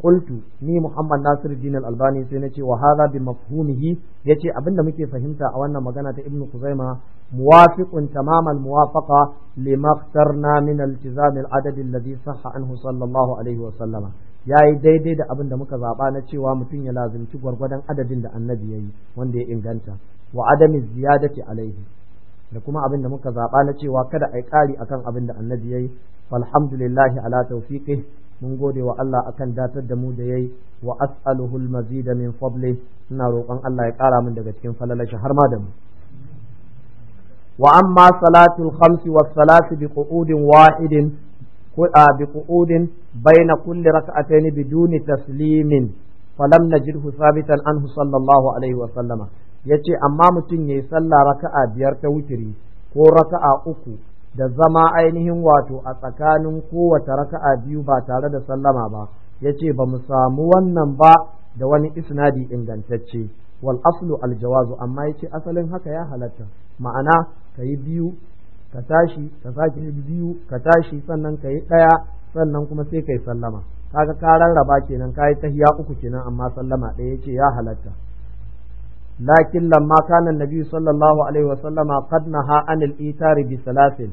qultu ni muhammad nasir din albani sai na ce wa hadha bi mafhumihi yace abin da muke fahimta a wannan magana ta ibnu kuzaima muwafiqun tamamal muwafaqa lima ikhtarna min iltizam al-adad alladhi sahha anhu sallallahu alaihi wa sallama yayi daidai da abin da muka zaba na cewa mutum ya lazimci gwargwadon adadin da annabi yayi wanda ya inganta wa adami ziyadati alaihi da kuma abin da muka zaɓa na cewa kada a yi ƙari akan abin da annabi ya yi alhamdulillahi ala tawfiqih mun gode wa Allah akan datar da mu da yayi wa as'aluhu al-mazid min fadli ina roƙon Allah ya ƙara min daga cikin falalashi har ma da mu wa amma salatul khamsi was salatu bi qu'udin wahidin bi qu'udin baina kulli rak'atayn biduni taslimin falam najidhu thabitan anhu sallallahu alaihi wa sallama ya ce amma mutum ya yi sallah raka'a biyar ta wukiri ko raka'a uku da zama ainihin wato a tsakanin kowace raka'a biyu ba tare da sallama ba ya ce ba mu samu wannan ba da wani isnadi ingantacce wal aslu al amma ya ce asalin haka ya halatta ma'ana ka yi biyu ka tashi ka sake biyu ka tashi sannan ka yi ɗaya sannan kuma sai ka yi sallama kaga ka rarraba kenan ka yi tahiya uku kenan amma sallama ɗaya ya ce ya halatta lakin lamma kana annabi sallallahu alaihi wa sallama qad naha anil itari bi sai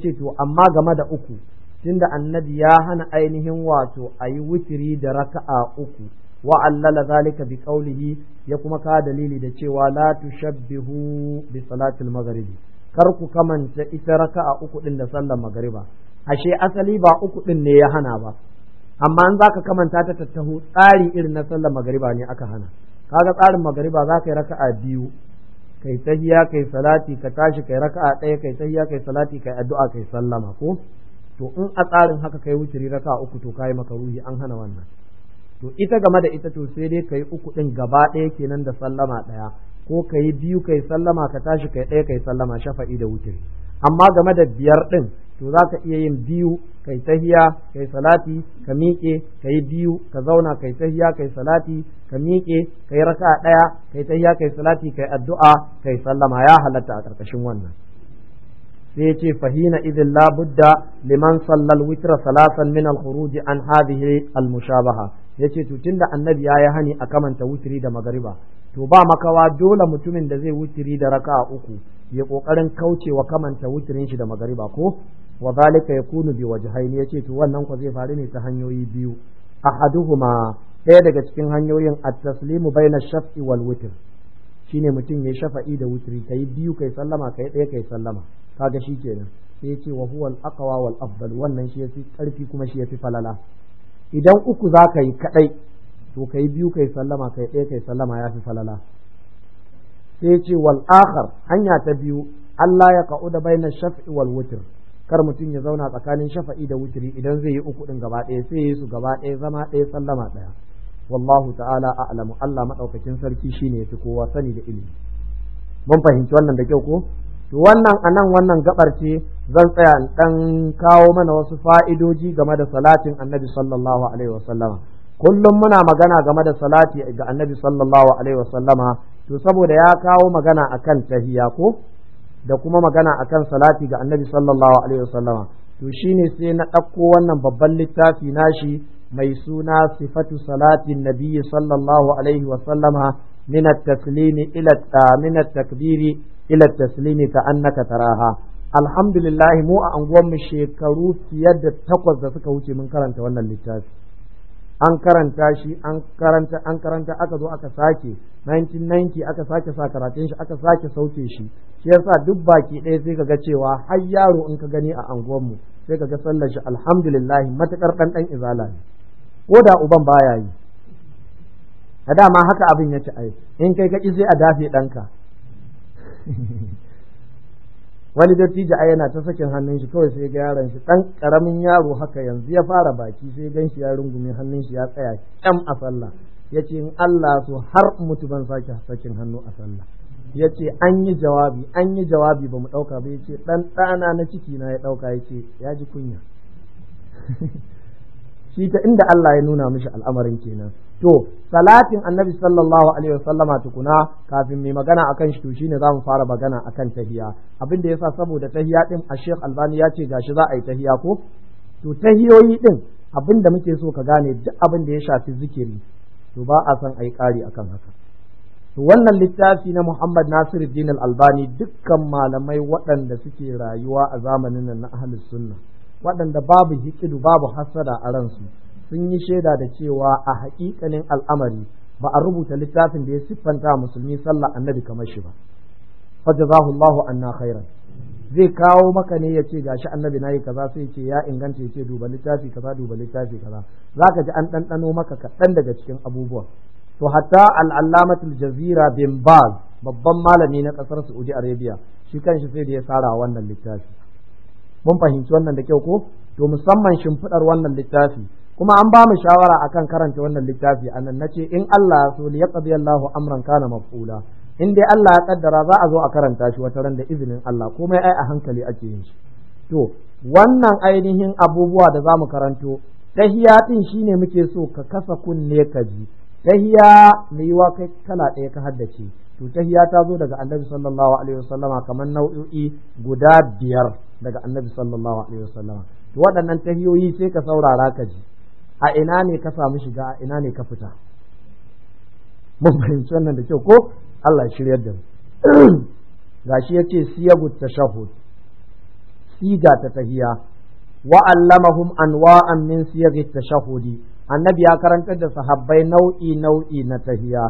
ce to amma game da uku tunda annabi ya hana ainihin wato ayi witiri da raka'a uku wa allala zalika bi qawlihi ya kuma ka dalili da cewa latu shabbihu bi salatil maghribi kar ku kamanta ita raka'a uku din da sallar magariba ashe asali ba uku ɗin ne ya hana ba amma in zaka kamanta ta tattahu tsari irin na sallar magariba ne aka hana kaga tsarin magariba za ka yi raka'a biyu kai tahiya kai salati ka tashi kai raka'a ɗaya kai tahiya kai salati kai addu'a kai sallama ko to in a tsarin haka kai wuturi raka'a uku to kai maka ruhi an hana wannan to ita game da ita to sai dai kai uku din gaba ɗaya kenan da sallama ɗaya ko kai biyu kai sallama ka tashi kai ɗaya kai sallama shafa'i da wuturi amma game da biyar ɗin to za ka iya yin biyu kai tahiya kai salati ka miƙe kai biyu ka zauna kai tahiya kai salati ka miƙe kai raka ɗaya kai tahiya kai salati kai addu'a kai sallama ya halatta a ƙarƙashin wannan sai ya ce fahina idin labudda liman sallal witra salasan min al an hadhihi al-mushabaha ce to tunda annabi ya yi hani a kamanta witiri da magariba to ba makawa dole mutumin da zai witiri da raka'a uku ya kokarin kaucewa kamanta wutirin shi da magariba ko wa zalika yakunu bi wajhayni yace to wannan ko zai faru ne ta hanyoyi biyu ahaduhuma ɗaya daga cikin hanyoyin at-taslimu bayna ash-shaf'i wal witr shine mutum ya shafa'i da witri kai biyu kai sallama kai ɗaya kai sallama kaga shikenan sai yace wa huwa al-aqwa wal afdal wannan shi yafi karfi kuma shi yafi falala idan uku za ka yi kadai to kai biyu kai sallama kai ɗaya kai sallama yafi falala sai yace wal akhar hanya ta biyu Allah ya ka'uda bayna bainar shafi wal witr kar mutum ya zauna tsakanin shafa'i da wutiri idan zai yi uku din gaba ɗaya sai yi su gaba ɗaya zama ɗaya sallama ɗaya wallahu ta'ala a'lamu Allah madaukakin sarki shine yafi kowa sani da ilimi mun fahimci wannan da kyau ko to wannan anan wannan gabar ce zan tsaya dan kawo mana wasu fa'idoji game da salatin Annabi sallallahu alaihi wasallama kullum muna magana game da salati ga Annabi sallallahu alaihi wasallama to saboda ya kawo magana akan tahiyya ko da kuma magana akan salati ga annabi sallallahu alaihi wasallama to shine sai na ɗauko wannan babban littafi nashi mai suna sifatu salatin Nabi sallallahu alaihi wasallama min taslimi ila ta ah, at-takbiri ila ta taslimi ka annaka taraha alhamdulillah mu a anguwan mu shekaru fiye da takwas da suka wuce mun karanta wannan littafi an karanta shi an karanta an karanta aka zo aka sake 1990 aka sake sa karatun shi aka sake sauke shi shi yasa duk baki ɗaya sai ka ga cewa har yaro in ka gani a anguwanmu sai ka ga sallar shi alhamdulillah matakar dan dan izala ne ko da uban baya yi a dama haka abin ya ci ai in kai ka ki sai a dafe ɗanka [LAUGHS] wani dattijo ai yana ta sakin hannun shi kawai sai ga yaron shi dan karamin yaro haka yanzu ya fara baki sai gan shi ya rungume hannun shi ya tsaya kyam a sallah yace in Allah so har mutu ban sake sakin hannu a sallah yace an yi jawabi an yi jawabi bamu dauka ba yace dan dana na ciki na ya dauka yace ya ji kunya [LAUGHS] shi ta inda Allah ya nuna mishi al'amarin kenan to salatin annabi sallallahu alaihi wasallama tukuna kafin mai magana akan shi to shine zamu fara magana akan tahiya abin da yasa saboda tahiya din a Sheikh Albani ya ce gashi za a yi tahiya ko to tahiyoyi din abin da muke so ka gane duk abin da ya shafi zikiri to ba a san ayi kari akan haka to wannan littafi na Muhammad Nasiruddin Al-Albani dukkan malamai waɗanda suke rayuwa a zamanin nan na ahlus sunna waɗanda babu hikidu babu hasada a ransu sun yi shaida da cewa a haƙiƙanin al'amari ba a rubuta littafin da ya siffanta musulmi sallah annabi kamar shi ba fajazahullahu jazahullahu anna khairan zai kawo maka ne ya ce gashi annabi na yi kaza sai ce ya inganta ya ce duba littafi kaza duba littafi kaza zaka ji an ɗanɗano maka kaɗan daga cikin abubuwan. to hatta al'allamatul jazira bin baz babban malami na ƙasar saudi arabia shi kanshi sai da ya sara wannan littafi mun fahimci wannan da kyau ko to musamman shimfiɗar wannan littafi kuma an ba mu shawara akan karanta wannan littafi anan ce in Allah ya so liyaqdi Allahu amran kana maf'ula in dai Allah ya kaddara za a zo a karanta shi wata ran da izinin Allah komai ai a hankali ake yin shi to wannan ainihin abubuwa da zamu karanto tahiya shine muke so ka kasa kunne ka ji tahiya mai yiwa kai kala ɗaya ka haddace to tahiya ta zo daga annabi sallallahu alaihi wasallama kamar nau'o'i guda biyar daga annabi sallallahu alaihi wasallama to waɗannan tahiyoyi sai ka saurara ka ji a ina ne ka samu shiga a ina ne ka fita mun fahimci wannan da kyau ko Allah shiryar da mu [CLEARS THROAT] gashi yace siyagu tashahhud siga ta tahiya wa allamahum anwa'an min siyagi shahudi. annabi ya karantar da sahabbai nau'i nau'i na tahiya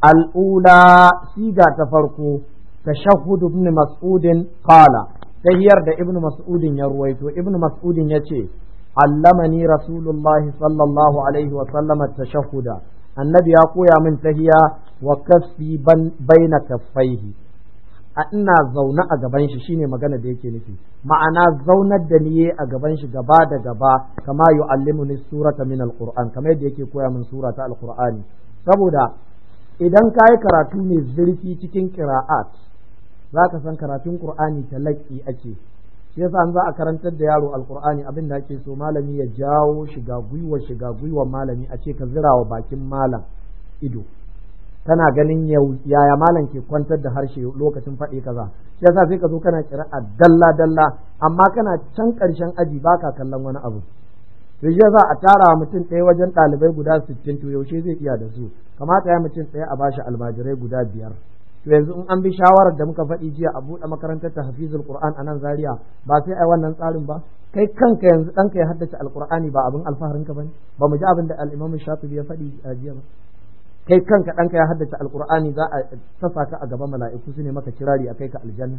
al'ula siga ta farko shahudu ibn mas'udin qala tahiyar da ibn mas'udin ya ruwaito ibn mas'udin ce. allamani rasulullahi sallallahu alaihi wa annabi ya koya min tahiya wa kaffi baina kaffaihi a ina zaune a gaban shi shine magana da yake nufi ma'ana zaunar da niye a gaban shi gaba da gaba kama yu'allimuni surata min alquran kamar yadda yake koya min surata alqur'ani saboda idan ka yi karatu mai zurfi cikin qira'at za ka san karatun qur'ani talaki ake shi yasa an za a karantar da yaro alkur'ani abin da ake so malami ya jawo shiga gwiwa shiga gwiwa malami a ce ka zira wa bakin malam ido kana ganin yaya malam ke kwantar da harshe lokacin faɗi kaza shi yasa sai ka zo kana kira a dalla dalla amma kana can ƙarshen aji baka kallon wani abu to shi yasa a tara mutum ɗaya wajen ɗalibai guda sittin to yaushe zai iya da su kamata ya mutum ɗaya a bashi almajirai guda biyar to yanzu in an bi shawarar da muka faɗi jiya a buɗe makarantar ta hafizul qur'an a nan zariya ba sai ai wannan tsarin ba kai kanka yanzu ka ya haddace alqur'ani ba abin alfaharinka bane ba mu ji abin da al-imam shatibi ya faɗi a jiya ba kai kanka ka ya haddace alkur'ani za a sasa ka a gaban mala'iku su ne maka kirari a kai ka aljanna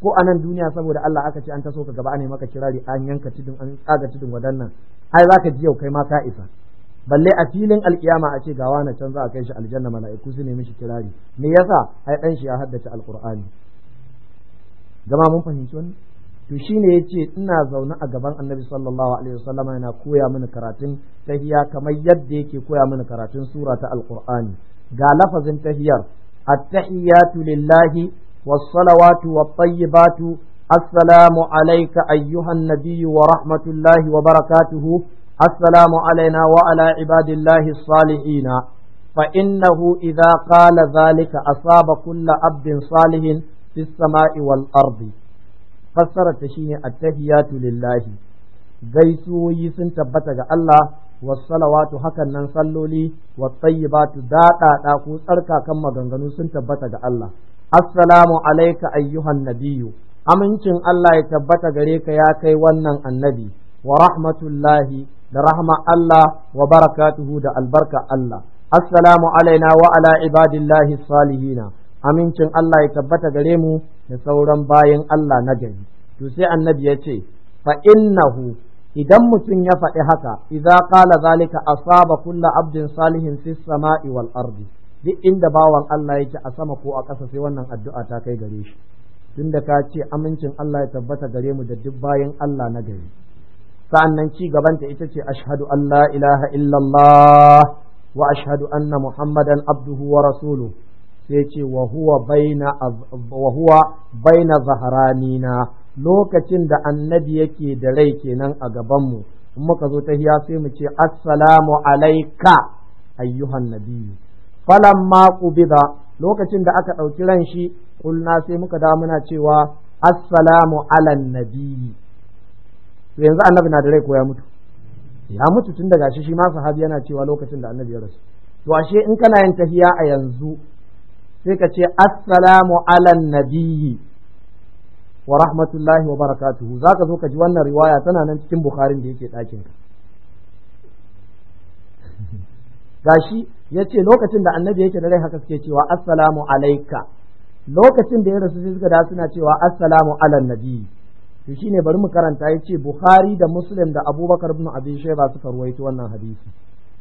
ko a nan duniya saboda Allah aka ce an taso ka gaba ne maka kirari an yanka tudun an tsaga tudun wadannan ai za ka ji yau kai ma ka isa balle a filin alkiyama a ce ga wani can za a kai shi aljanna mala'iku su ne mishi kirari me yasa ai dan shi ya haddace alqur'ani Gama mun fahimci wannan to shine yace ina zaune a gaban annabi sallallahu alaihi wasallam yana koya mini karatun tahiya kamar yadda yake koya mini karatun sura ta alqur'ani ga lafazin tahiyar at-tahiyatu lillahi was-salawatu wat-tayyibatu assalamu alayka ayyuhan nabiyyu wa rahmatullahi wa barakatuhu السلام علينا وعلى عباد الله الصالحين فإنه إذا قال ذلك أصاب كل عبد صالح في السماء والأرض فسرت شيء التهيات لله gaisuwoyi sun tabbata ga Allah wassalawatu hakan nan salloli wattayyibatu daɗaɗa ko tsarka kan maganganu sun tabbata ga Allah assalamu alaika ayyuhan nabiyyu amincin Allah ya tabbata gare ka ya kai wannan annabi wa rahmatullahi da rahama Allah wa barakatuhu da albarka Allah assalamu alaina wa ala ibadillahi salihina amincin Allah ya tabbata gare mu da sauran bayan Allah na gari to sai annabi ya ce fa innahu idan mutum ya faɗi haka iza qala zalika asaba kulla abdin salihin fis sama'i wal ardi duk inda bawan Allah yake a sama ko a ƙasa sai wannan addu'a ta kai gare shi tunda ka ce amincin Allah ya tabbata gare mu da duk bayan Allah na gari sa'annan ci gabanta ita ce ashhadu an la ilaha illallah wa ashhadu anna muhammadan abduhu wa rasuluhu sai ce wa huwa baina wa zaharanina lokacin da annabi yake da rai kenan a gabanmu in muka zo ta hiya sai mu ce assalamu alaika ayyuhan nabiyyu falamma qubida lokacin da aka ɗauki ran shi kulna sai muka da muna cewa assalamu alan nabiyyi to yanzu annabi na da rai ko ya mutu ya mutu tun daga shi shi ma sahabi yana cewa lokacin da annabi ya rasu to ashe in kana yin tahiya a yanzu sai ka ce assalamu ala nabiyyi wa rahmatullahi wa barakatuhu zaka zo ka ji wannan riwaya tana nan cikin bukharin da yake dakin ka gashi yace lokacin da annabi yake da rai haka suke cewa assalamu alaika lokacin da ya rasu sai suka da suna cewa assalamu ala nabiyyi to shine bari mu karanta yace Bukhari da Muslim da Abubakar ibn Abi Shayba suka ruwaito wannan hadisi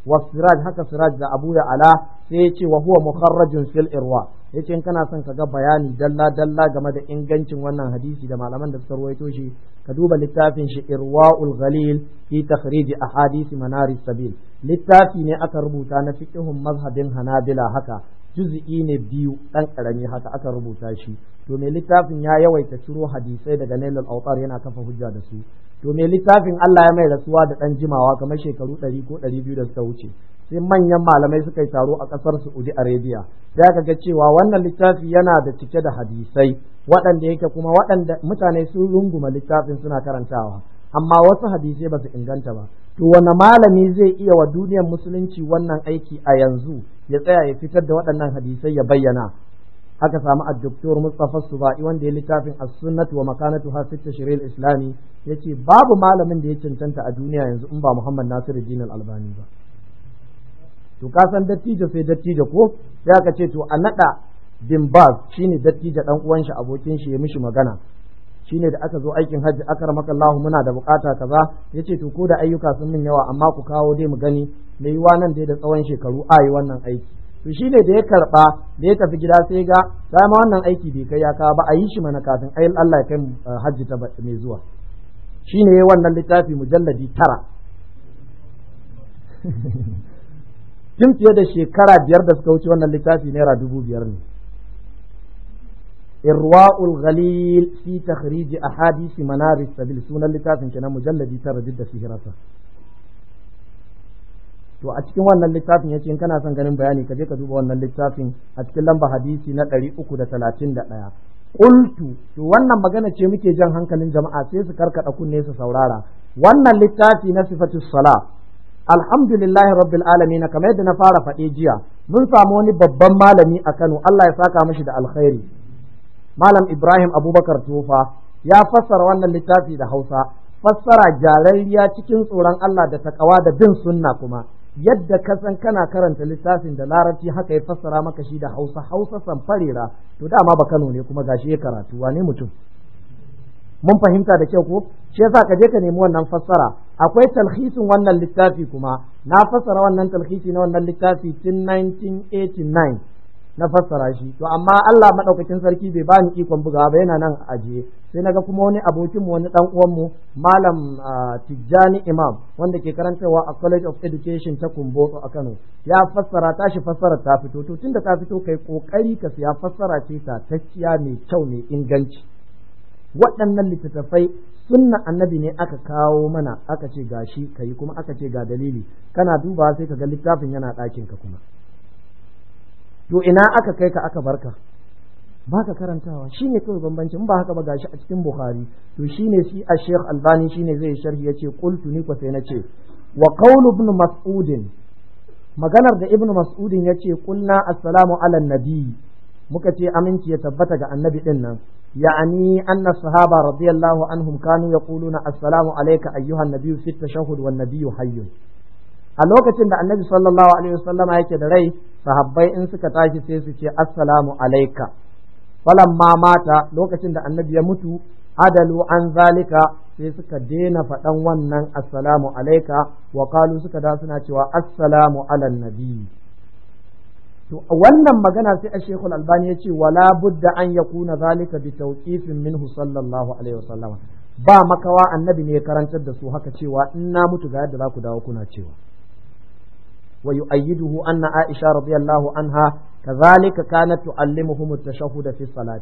wasiraj haka siraj da Abu Ala sai yace wa huwa mukharrajun fil irwa yace in kana son ka ga bayani dalla dalla game da ingancin wannan hadisi da malaman da suka ruwaito shi ka duba littafin shi irwaul ghalil fi takhrij ahadith manar sabil littafi ne aka rubuta na fiqhun mazhabin hanabila haka juz'i ne biyu ɗan ƙarami haka aka rubuta shi to me littafin ya yawaita ciro hadisai daga nailal autar yana kafa hujja da su to me littafin Allah ya mai rasuwa da ɗan jimawa kamar shekaru ɗari ko ɗari biyu da suka wuce sai manyan malamai suka yi taro a ƙasar Saudi Arabia sai aka ga cewa wannan littafi yana da cike da hadisai waɗanda yake kuma waɗanda mutane sun runguma littafin suna karantawa amma wasu hadisai ba su inganta ba to wani malami zai iya wa duniyar musulunci wannan aiki a yanzu ya tsaya ya fitar da waɗannan hadisai ya bayyana aka samu addoktor mustafa Subai wanda ya littafin as-sunnatu wa makanatu ha fitta shirin islami ce babu malamin da ya cancanta a duniya yanzu in ba Muhammad nasiru din albani ba to ka san dattijo sai dattijo ko sai aka ce to a naɗa bin shine dattijo dan uwanshi shi abokin shi ya mishi magana shine da aka zo aikin hajji ramaka Allah muna da bukata kaza ce to ko da ayyuka sun min yawa amma ku kawo dai mu gani me yiwa nan dai da tsawon shekaru a yi wannan aiki to shi ne da ya karɓa da ya tafi gida sai ga dama wannan aiki bai kai ya kawo ba a yi shi mana kafin a Allah ya kai eh, hajji ta mai zuwa shine wannan littafi mujalladi tara [LAUGHS] tun fiye da shekara biyar da suka wuce wannan littafi naira dubu biyar ne irwa'ul ghalil fi takhrij ahadith manar sabil sunan littafin kenan mujalladi tara duk da sihirarsa to a cikin wannan littafin yace in kana son ganin bayani ka je ka duba wannan littafin a cikin lamba hadisi na 331 qultu to wannan magana ce muke jan hankalin jama'a sai su karkada kunne su saurara wannan littafi na sifatus sala alhamdulillahi rabbil alamin kamar yadda na fara faɗe jiya mun samu wani babban malami a Kano Allah ya saka mashi da alkhairi malam ibrahim abubakar tufa ya fassara wannan littafi da hausa fassara jarariya cikin tsoron allah da ta takawa da bin sunna kuma yadda ka san kana karanta littafin da larabci haka ya fassara maka shi da hausa hausa farera. to dama ba kano ne kuma gashi ya karatu ne mutum mun fahimta da kyau ko shi yasa ka je ka nemi wannan fassara akwai talhisin wannan littafi kuma na fassara wannan talhisi na wannan littafi tun 1989 na fassara shi to amma Allah madaukakin sarki bai bani ikon buga ba yana nan ajiye sai naga kuma wani abokin mu wani dan uwan mu malam Tijjani Imam wanda ke karantawa a College of Education ta Kumbo a Kano ya fassara tashi fassara ta fito to tunda ta fito kai kokari ka siya fassara ce ta tacciya mai kyau mai inganci waɗannan littattafai sunna annabi ne aka kawo mana aka ce gashi kai kuma aka ce ga dalili kana duba sai ka ga littafin yana ɗakin ka kuma to ina aka kai ka aka barka ba ka karantawa shi ne kawai bambancin ba haka ba gashi a cikin bukhari to shi ne shi a sheikh albani shi ne zai sharhi ya ce kultu ni sai na ce wa qawlu ibn mas'udin maganar da ibn mas'udin ya ce kunna assalamu ala nabi muka ce aminci ya tabbata ga annabi din nan ya'ani anna sahaba radiyallahu anhum kanu ya kuluna alayka ayyuhan nabiyyu fi tashahhud wan nabiyyu hayyun a lokacin da annabi sallallahu alaihi wasallama yake da rai sahabbai in suka tashi sai su ce assalamu alaika falamma mata lokacin da annabi ya mutu adalu an zalika sai suka dena faɗan wannan assalamu alaika wa kalu suka da suna cewa assalamu ala nabi to wannan magana sai a shekul albani ya ce wala budda an yakuna zalika bi tawqifin minhu sallallahu alaihi wasallam ba makawa annabi ne ya karantar da su haka cewa in na mutu ga yadda za ku dawo kuna cewa ويؤيده أن عائشة رضي الله عنها كذلك كانت تعلمهم التشهد في الصلاة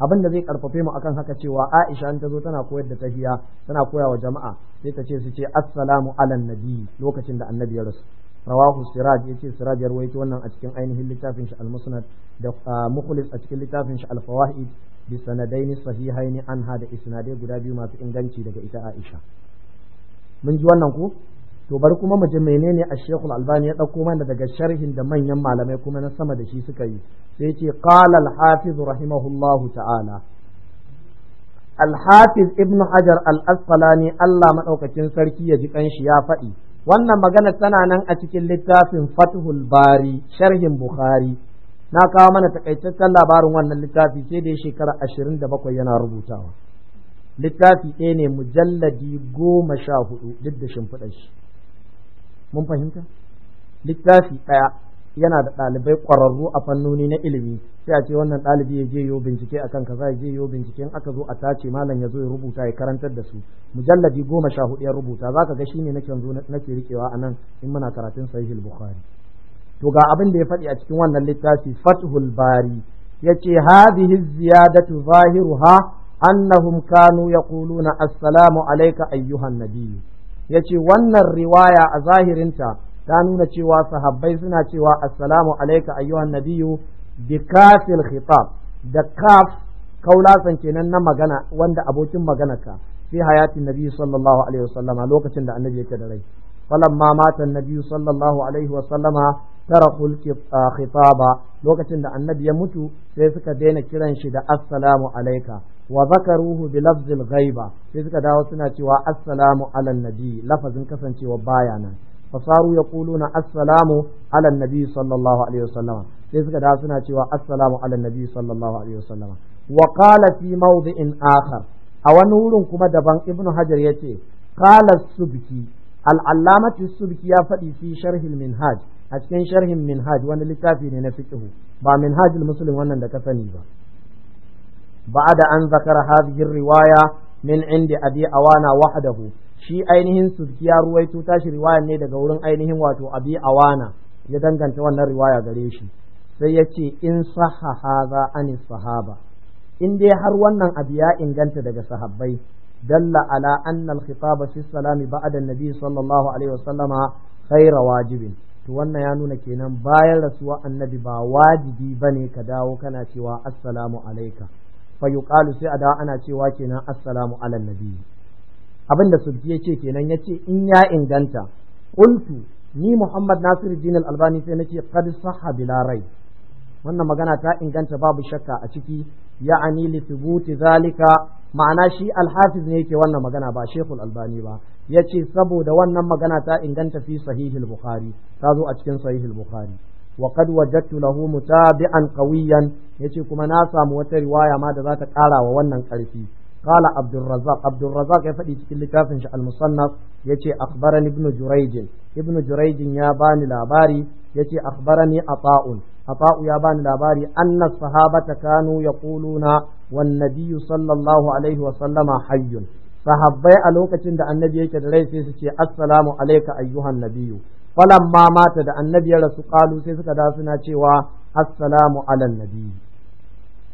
abin da zai karfafe mu akan haka cewa Aisha ta tazo tana koyar da tafiya tana koya wa jama'a sai ta ce su ce assalamu ala nabi lokacin da annabi ya rasu rawahu siraj yace siraj ya rawaito wannan a cikin ainihin littafin shi al-musnad da mukhlis a cikin littafin shi al-fawaid bi sanadaini sahihaini anha da isnadai guda biyu masu inganci daga ita Aisha mun ji wannan ko to bari kuma mu ji menene a shekul albani ya ɗauko mana daga sharhin da manyan malamai kuma na sama da shi suka yi sai ce qala al-hafiz rahimahullahu ta'ala al-hafiz ibnu hajar al-asqalani Allah madaukakin sarki ya ji kanshi ya faɗi wannan magana tana nan a cikin littafin fathul bari sharhin bukhari na kawo mana takaitaccen labarin wannan littafi sai da shekara ashirin da bakwai yana rubutawa littafi ɗaya ne mujalladi goma sha hudu duk da shimfiɗar shi mun fahimta littafi ɗaya yana da ɗalibai ƙwararru a fannoni na ilimi sai a ce wannan ɗalibi ya je yo bincike a kan kaza ya je yo bincike in aka zo a tace malam ya zo ya rubuta ya karantar da su mujalladi goma sha hudu ya rubuta za ka ga ne nake zo nake rikewa a nan in muna karatun sahihul bukhari to ga abin da ya faɗi a cikin wannan littafi fathul bari ce hadhihi ziyadatu zahiruha annahum kanu yaquluna assalamu alayka ayyuhan nabiyyu ya ce wannan riwaya a zahirinta ta nuna cewa sahabbai suna cewa assalamu alaika ayyuhan nabiyu bi kafil khitab da kaf kaulasan kenan na magana wanda abokin maganarka fi hayatin nabi sallallahu alaihi wasallama lokacin da annabi yake da rai falamma mata nabiyu sallallahu alaihi wasallama tarakul ah, khitaba lokacin da annabi ya mutu sai suka daina kiran shi da assalamu alaika wa zakaruhu bi lafzil ghaiba sai suka dawo suna cewa assalamu ala nabi lafazin kasancewa baya nan fasaru yaquluna assalamu ala nabi sallallahu alaihi wasallam sai suka dawo suna cewa assalamu ala nabi sallallahu alaihi wasallam wa qala fi mawdi'in akhar a wani wurin kuma daban ibnu hajar yace qala subki al-allamatu subki ya faɗi fi sharhil minhaj a cikin sharhin minhaj wani littafi ne na fiqh ba minhajul muslim wannan da ka sani ba بعد أن ذكر هذه الرواية من عند أبي أوانا وحده shi ainihin surkiya ruwaito tashi riwaya ne daga wurin ainihin wato abi awana ya danganta wannan riwaya gare shi sai ya ce in saha haza ani sahaba in dai har wannan abu ya inganta daga sahabbai dalla ala annal khitaba fi salami ba'da nabi sallallahu alaihi wasallama khayra wajibin to wannan ya nuna kenan bayan rasuwa annabi ba wajibi bane ka dawo kana cewa assalamu alaika fa sai a dawo ana cewa kenan assalamu ala nabi abin da ya ce kenan yace in ya inganta qultu ni Muhammad Nasiru Din albani sai nace qad sahha bila rai wannan magana ta inganta babu shakka a ciki ya'ani li thubuti zalika ma'ana shi alhafiz ne yake wannan magana ba shekul Albani ba yace saboda wannan magana ta inganta fi sahihil Bukhari ta zo a cikin sahihil Bukhari wa qad wajadtu lahu mutabi'an qawiyan yace kuma na samu wata riwaya ma da zata ta ƙara wa wannan ƙarfi قال عبد الرزاق ya faɗi cikin littafin shi al-musannaf yace akhbarani ibn jurayj ibn jurayj ya bani labari yace akhbarani ata'un ata'u ya bani labari anna sahabata kanu yaquluna wan nabiyyu sallallahu alaihi wa sallama hayyun sahabbai a lokacin da annabi yake da rai sai su ce assalamu alayka ayyuhan nabiyyu falamma mata da annabi ya rasu kalu sai suka da suna cewa assalamu alan nabi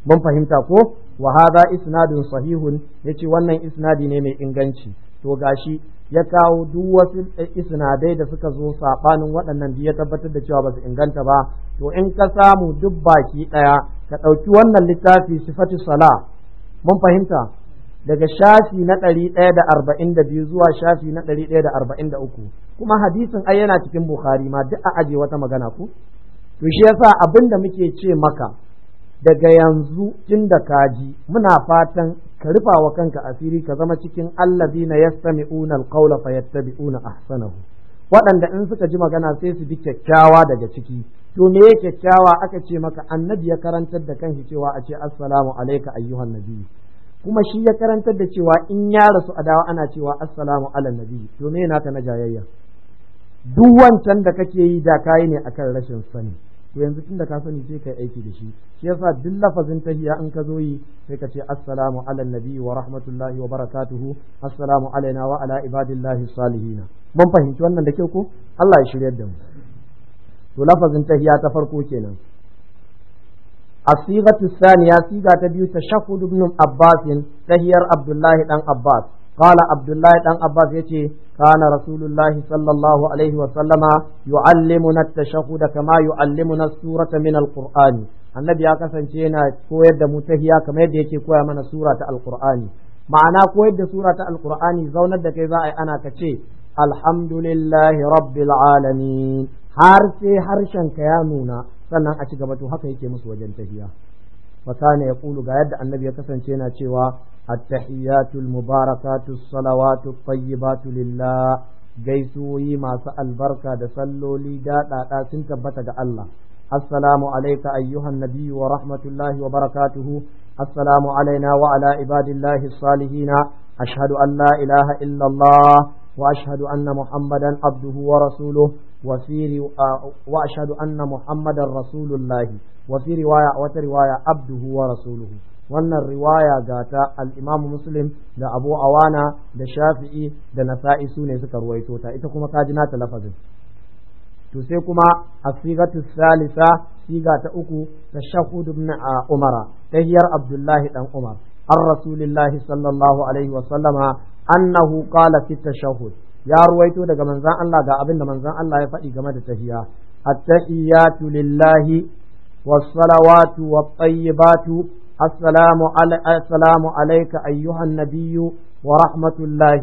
mun fahimta ko wa hadha isnadun sahihun ce wannan isnadi ne mai inganci to gashi ya kawo duk wasu eh, isnadai da suka zo sabanin waɗannan ya tabbatar da cewa ba su inganta ba to in ka samu duk baki ɗaya ka ɗauki wannan littafi sifatu sala mun fahimta daga shafi na ɗari ɗaya da arba'in da biyu zuwa shafi na ɗari ɗaya da arba'in da uku kuma hadisin ai yana cikin bukhari ma duk a aje wata magana ku to shi yasa abin da muke ce maka daga yanzu ka ji muna fatan ka rufa wa kanka asiri ka zama cikin allazina yastami'una alqawla fayattabi'una ahsanahu waɗanda in suka ji magana sai su bi kyakkyawa daga ciki to me ya kyakkyawa aka ce maka annabi ya karantar da kanshi cewa a ce assalamu alayka ayyuhan nabiyyi kuma shi ya karantar da cewa in ya rasu a dawo ana cewa assalamu ala nabi to me naka na jayayya duk wancan da kake yi da kayi ne akan rashin sani to yanzu tunda ka sani sai kai aiki da shi shi yasa duk lafazin tahiya in ka zo yi sai ka ce assalamu ala nabi wa rahmatullahi wa barakatuhu assalamu alaina wa ala ibadillahi salihina. mun fahimci wannan da kyau ko Allah ya shiryar da mu to lafazin tahiya ta farko kenan الصيغة الثانية صيغة تبيو تشهد ابن عباس تهير عبد الله بن عباس قال عبد الله بن عباس يتي كان رسول الله صلى الله kama وسلم يعلمنا التشهد كما يعلمنا السورة من القرآن annabi ya kasance yana koyar da mu tahiya kamar yadda ya yake koya mana sura ta alqur'ani ma'ana koyar da sura ta alqur'ani zaunar da kai za a yi ana ka ce alhamdulillahi rabbil alamin har sai harshen ka ya nuna sannan a ci gaba to haka yake musu wajen tahiya wa kana yaqulu ga yadda annabi ya kasance yana cewa at-tahiyatu al-mubarakatu as-salawatu at-tayyibatu lillah gaisuwoyi masu albarka da salloli daɗaɗa sun tabbata ga Allah assalamu alayka ayyuhan nabiyyu wa rahmatullahi wa barakatuhu asalamu alaina wa ala ibadillahi as-salihin ashhadu an la ilaha illa Allah wa ashhadu anna muhammadan abduhu wa rasuluhu wa wa ashhadu anna muhammadan rasulullahi wasi riwaya a wata riwaya abduhu wa rasuluhu wannan riwaya gata al-Imam Muslim da Abu Awana da Shafi'i da Nasa'i su ne suka ruwaito ta ita kuma kaji ta lafazin to sai kuma a sigatu salisa siga ta uku tashahhud a umara tahiyar Abdullahi dan Umar an rasulillahi sallallahu alaihi wa sallama annahu qala fi tashahhud ya ruwaito daga manzon Allah ga abin da Allah ya faɗi game da tahiya at-tahiyatu lillahi والصلوات والطيبات السلام, علي السلام عليك أيها النبي ورحمة الله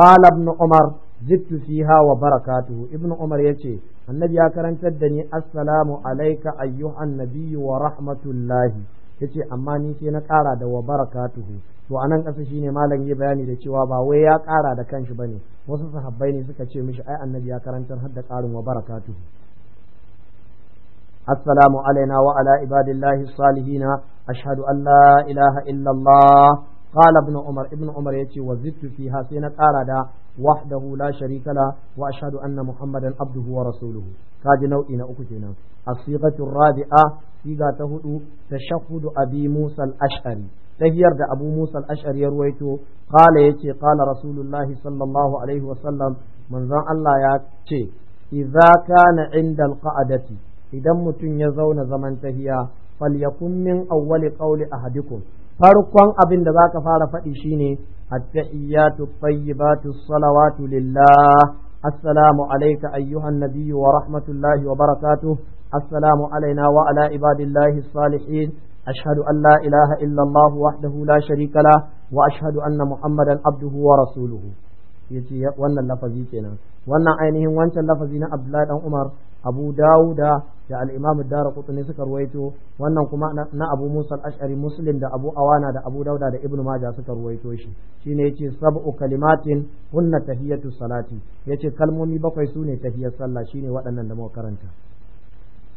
قال ابن عمر زدت فيها وبركاته ابن عمر يتي النبي أكرم تدني السلام عليك أيها النبي ورحمة الله yace amma ni sai na ƙara da wa barakatuhu to anan ƙasa shine malam ya bayani da cewa ba wai ya ƙara da kanshi bane wasu sahabbai ne suka ce mishi ai annabi ya karantar har da ƙarin wa barakatuhu السلام علينا وعلى عباد الله الصالحين أشهد أن لا إله إلا الله قال ابن عمر ابن عمر يتي وزدت فيها سينة أرادا وحده لا شريك له وأشهد أن محمدا عبده ورسوله كاد نوئنا أكتنا الصيغة الرابعة صيغة تشهد أبي موسى الأشعري tahiyar da abu musa al'ashari ya ruwaito kala ya ce kala rasulullahi sallallahu alaihi wasallam manzon Allah ya ce idza kana inda alqa'adati idan mutum ya zauna zaman tahiya falyakun min awwali qawli ahadikum farkon abin da zaka fara faɗi shine at-tahiyyatu tayyibatu salawatu lillah assalamu alayka ayyuhan nabiyyu wa rahmatullahi wa barakatuh assalamu alayna wa ala ibadillahi salihin أشهد أن لا إله إلا الله وحده لا wa له وأشهد أن abduhu wa rasuluhu. yace wannan lafazi kenan wannan ainihin wancan lafazi na Abdullahi dan Umar Abu Dawuda da al-Imam dara ne suka ruwaito wannan kuma na Abu Musa al-Ash'ari Muslim da Abu Awana da Abu Dawuda da Ibn Majah suka ruwaito shi shine yace sab'u kalimatin hunna tahiyatu salati yace kalmomi bakwai sune tahiyar sallah shine waɗannan da muka karanta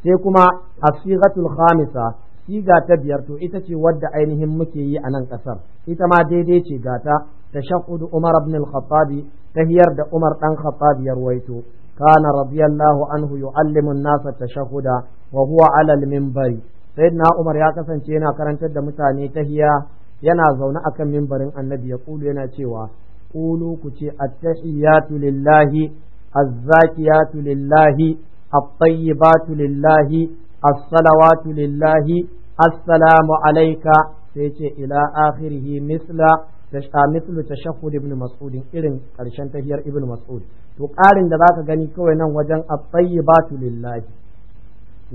sai kuma as khamisa siga ta biyar to ita ce wadda ainihin muke yi a nan kasar ita ma daidai ce gata تشقد عمر بن الخطاب تهير دا عمر بن خطاب يرويته كان رضي الله عنه يعلم الناس التشهد وهو على المنبر سيدنا عمر يا كسان شينا كرنت دا متاني تهيا ينا زونا أكم منبر النبي يقول ينا شيوا قولوا كتي التحيات لله الزاكيات لله الطيبات لله الصلوات لله السلام عليك سيتي إلى آخره مثل mithlu tashahhud ibn mas'ud irin karshen tahiyar ibn mas'ud to ƙarin da zaka gani kawai nan wajen at-tayyibatu lillahi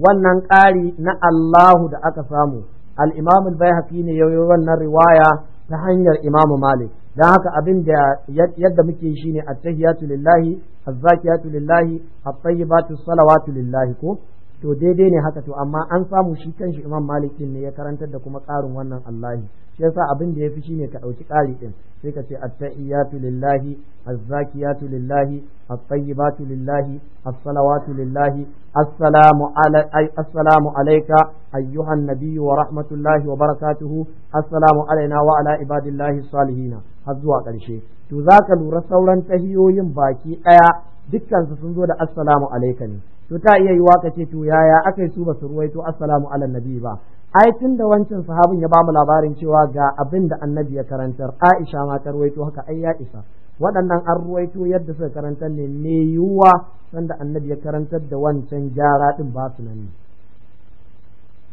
wannan ƙari na Allahu da aka samu al-imam al-baihaqi ne yayi wannan riwaya ta hanyar imamu malik dan haka abin da yadda muke shine at-tahiyatu lillahi az-zakiyatu lillahi at-tayyibatu salawatu lillahi ko to daidai ne haka to amma an samu shi kanshi imam malik din ne ya karantar da kuma ƙarin wannan allahi shi yasa abin da shi shine ka ɗauki ƙari ɗin sai ka ce at-tahiyyatu lillahi az-zakiyatu lillahi at-tayyibatu lillahi as-salawatu lillahi assalamu ala assalamu alayka ayyuhan nabiyyu wa rahmatullahi wa barakatuhu assalamu alaina wa ala ibadillahi salihina har zuwa ƙarshe to zaka lura sauran tahiyoyin baki ɗaya dukkan su sun zo da assalamu alayka ne to ta iya yi waka ce to yaya aka yi su ba su ruwaito assalamu ala nabi ba ai tun da wancan sahabin ya bamu labarin cewa ga abin da annabi ya karantar aisha ma ta ruwaito haka ai ya isa waɗannan an ruwaito yadda suka karantar ne me yiwuwa sanda annabi ya karantar da wancan gyara din ba su nan ne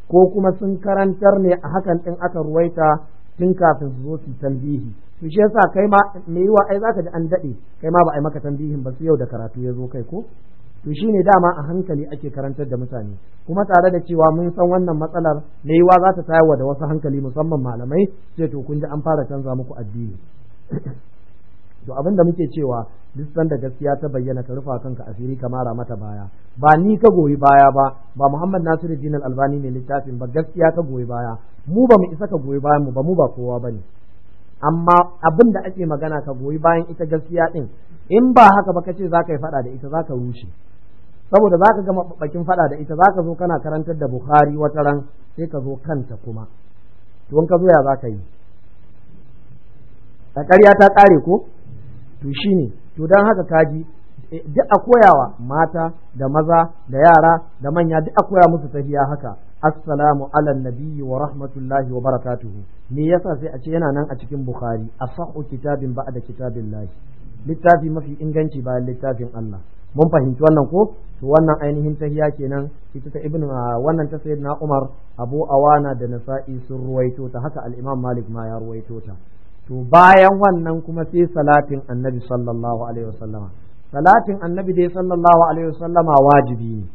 ko kuma sun karantar ne a hakan din aka ruwaita tun kafin su zo su tambihi to shi yasa kai ma me yiwuwa ai zaka ji an daɗe kai ma ba a yi maka tambihin ba su yau da karatu ya zo kai ko to ne dama a hankali ake karantar da mutane kuma tare da cewa mun san wannan matsalar na yiwa za ta tayarwa da wasu hankali musamman malamai sai to kun ji an fara canza muku addini [COUGHS] to abin da muke cewa duk sanda gaskiya ta bayyana ka rufa kanka asiri ka mara mata baya ba ni ka goyi baya ba ba Muhammad Nasiruddin albani ne littafin ba gaskiya ka goyi baya mu ba mu isa ka goyi bayan mu ba mu ba kowa bane amma abin da ake magana ka goyi bayan ita gaskiya ɗin in ba haka ba ka kace ka yi faɗa da ita za ka rushe saboda za ka gama bakin fada da ita za ka zo kana karantar da Bukhari wata ran sai ka zo kanta kuma to in ka zo ya ka yi ta ƙarya ta ƙare ko to shi ne. to don haka kaji eh, duk a koyawa mata da maza da yara da manya duk a koya musu tafiya haka assalamu ala nabiyyi wa rahmatullahi wa barakatuhu me yasa sai a ce yana nan a cikin bukhari asahu kitabin kitabin lahi littafi mafi inganci bayan littafin Allah mun fahimci wannan ko to wannan ainihin tahiya kenan ita ta ibnu ah, wannan ta sayyidina Umar Abu Awana da Nasa'i sun ruwaito ta haka al-Imam Malik ma ya ruwaito ta to bayan wannan kuma sai salatin Annabi sallallahu alaihi wasallama salatin Annabi dai sallallahu alaihi wasallama wajibi ne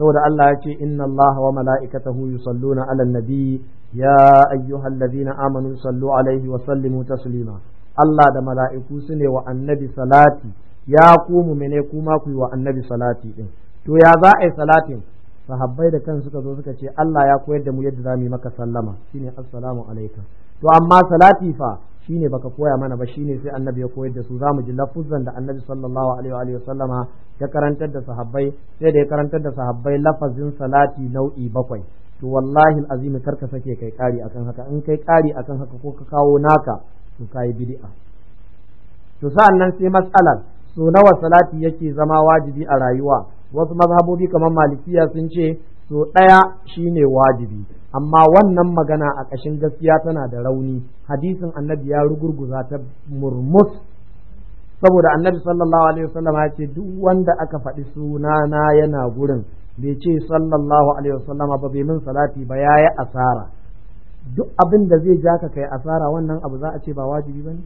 saboda Allah ya ce inna Allah wa mala'ikatahu yusalluna 'alan nabi ya ayyuhallazina amanu sallu alaihi wa sallimu taslima Allah da mala'iku su ne wa annabi salati ya kumu mene kuma ku yi wa annabi salati din to ya za a yi salatin sahabbai da kan suka zo suka ce Allah ya koyar da mu yadda za mu yi maka sallama shine assalamu alaikum to amma salati fa shine baka koya mana ba shine sai annabi ya koyar da su zamu ji lafuzan da annabi sallallahu alaihi wa sallama ya karantar da sahabbai sai da ya karantar da sahabbai lafazin salati nau'i bakwai to wallahi alazim kar ka sake kai kari akan haka in kai kari akan haka ko ka kawo naka to kai bid'a to sa'an sai matsalar. so nawa salati yake zama wajibi a rayuwa wasu mazhabobi kamar malikiya sun ce so ɗaya shine wajibi amma wannan magana a ƙashin gaskiya tana da rauni hadisin annabi ya rugurguza ta murmus saboda annabi sallallahu alaihi wasallam ya ce duk wanda aka faɗi sunana yana gurin bai ce sallallahu alaihi wasallam ba bai min salati ba yayi asara duk abin da zai ja ka kai asara wannan abu za a ce ba wajibi bane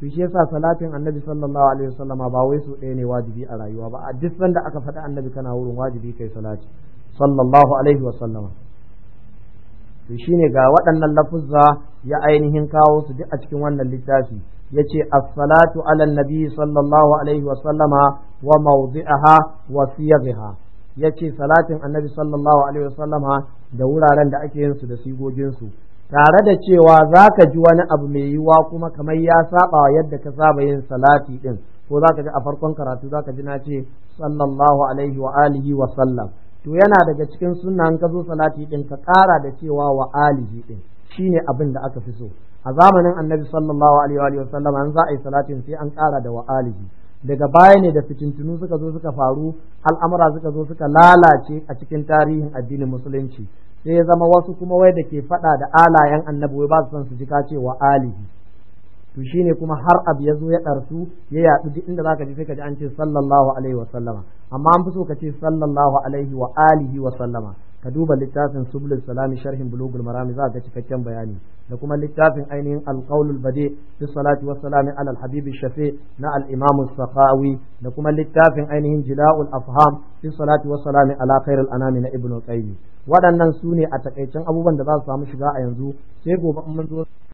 to shi yasa salatin annabi sallallahu alaihi wasallam ba wai su ɗaya ne wajibi a rayuwa ba a duk sanda aka faɗi annabi kana wurin wajibi kai salati sallallahu alaihi wasallam to shine ga waɗannan lafuzza ya ainihin kawo su duk a cikin wannan littafi yace as-salatu ala nabi sallallahu alaihi wasallam wa mawdi'aha wa siyaghiha yace salatin annabi sallallahu alaihi wasallam da wuraren da ake yin su da sigogin su tare da cewa za ka ji wani abu mai yiwuwa kuma kamar ya saba yadda ka saba yin salati ɗin, ko za ka ji a farkon karatu za ka ji na ce sallallahu alaihi wa alihi wa sallam to yana daga cikin sunna ka zo salati ɗin ka ƙara da cewa wa alihi din shine abin da aka fi so a zamanin annabi sallallahu alaihi wa sallam an za a yi salatin sai an ƙara da wa alihi daga baya ne da fitintunu suka zo suka faru al'amura suka zo suka lalace a cikin tarihin addinin musulunci sai ya zama wasu kuma wai da ke faɗa da alayen annabi ba su san su ji cewa alihi to ne kuma har abu ya zo ya ɗarsu ya yaɗu duk inda zaka ji sai ka ji an ce sallallahu alaihi wa sallama amma an fi so ka ce sallallahu alaihi wa alihi wa sallama ka duba littafin sublul salami sharhin bulugul marami za ga cikakken bayani da kuma littafin ainihin alqaulul bade fi salati wa salami ala al habibi shafi na al imam saqawi da kuma littafin ainihin jila'ul afham fi salati wa salami ala khairil anami na ibnu qayyim waɗannan su ne a takaicin abubuwan da za su samu shiga a yanzu sai gobe mun zo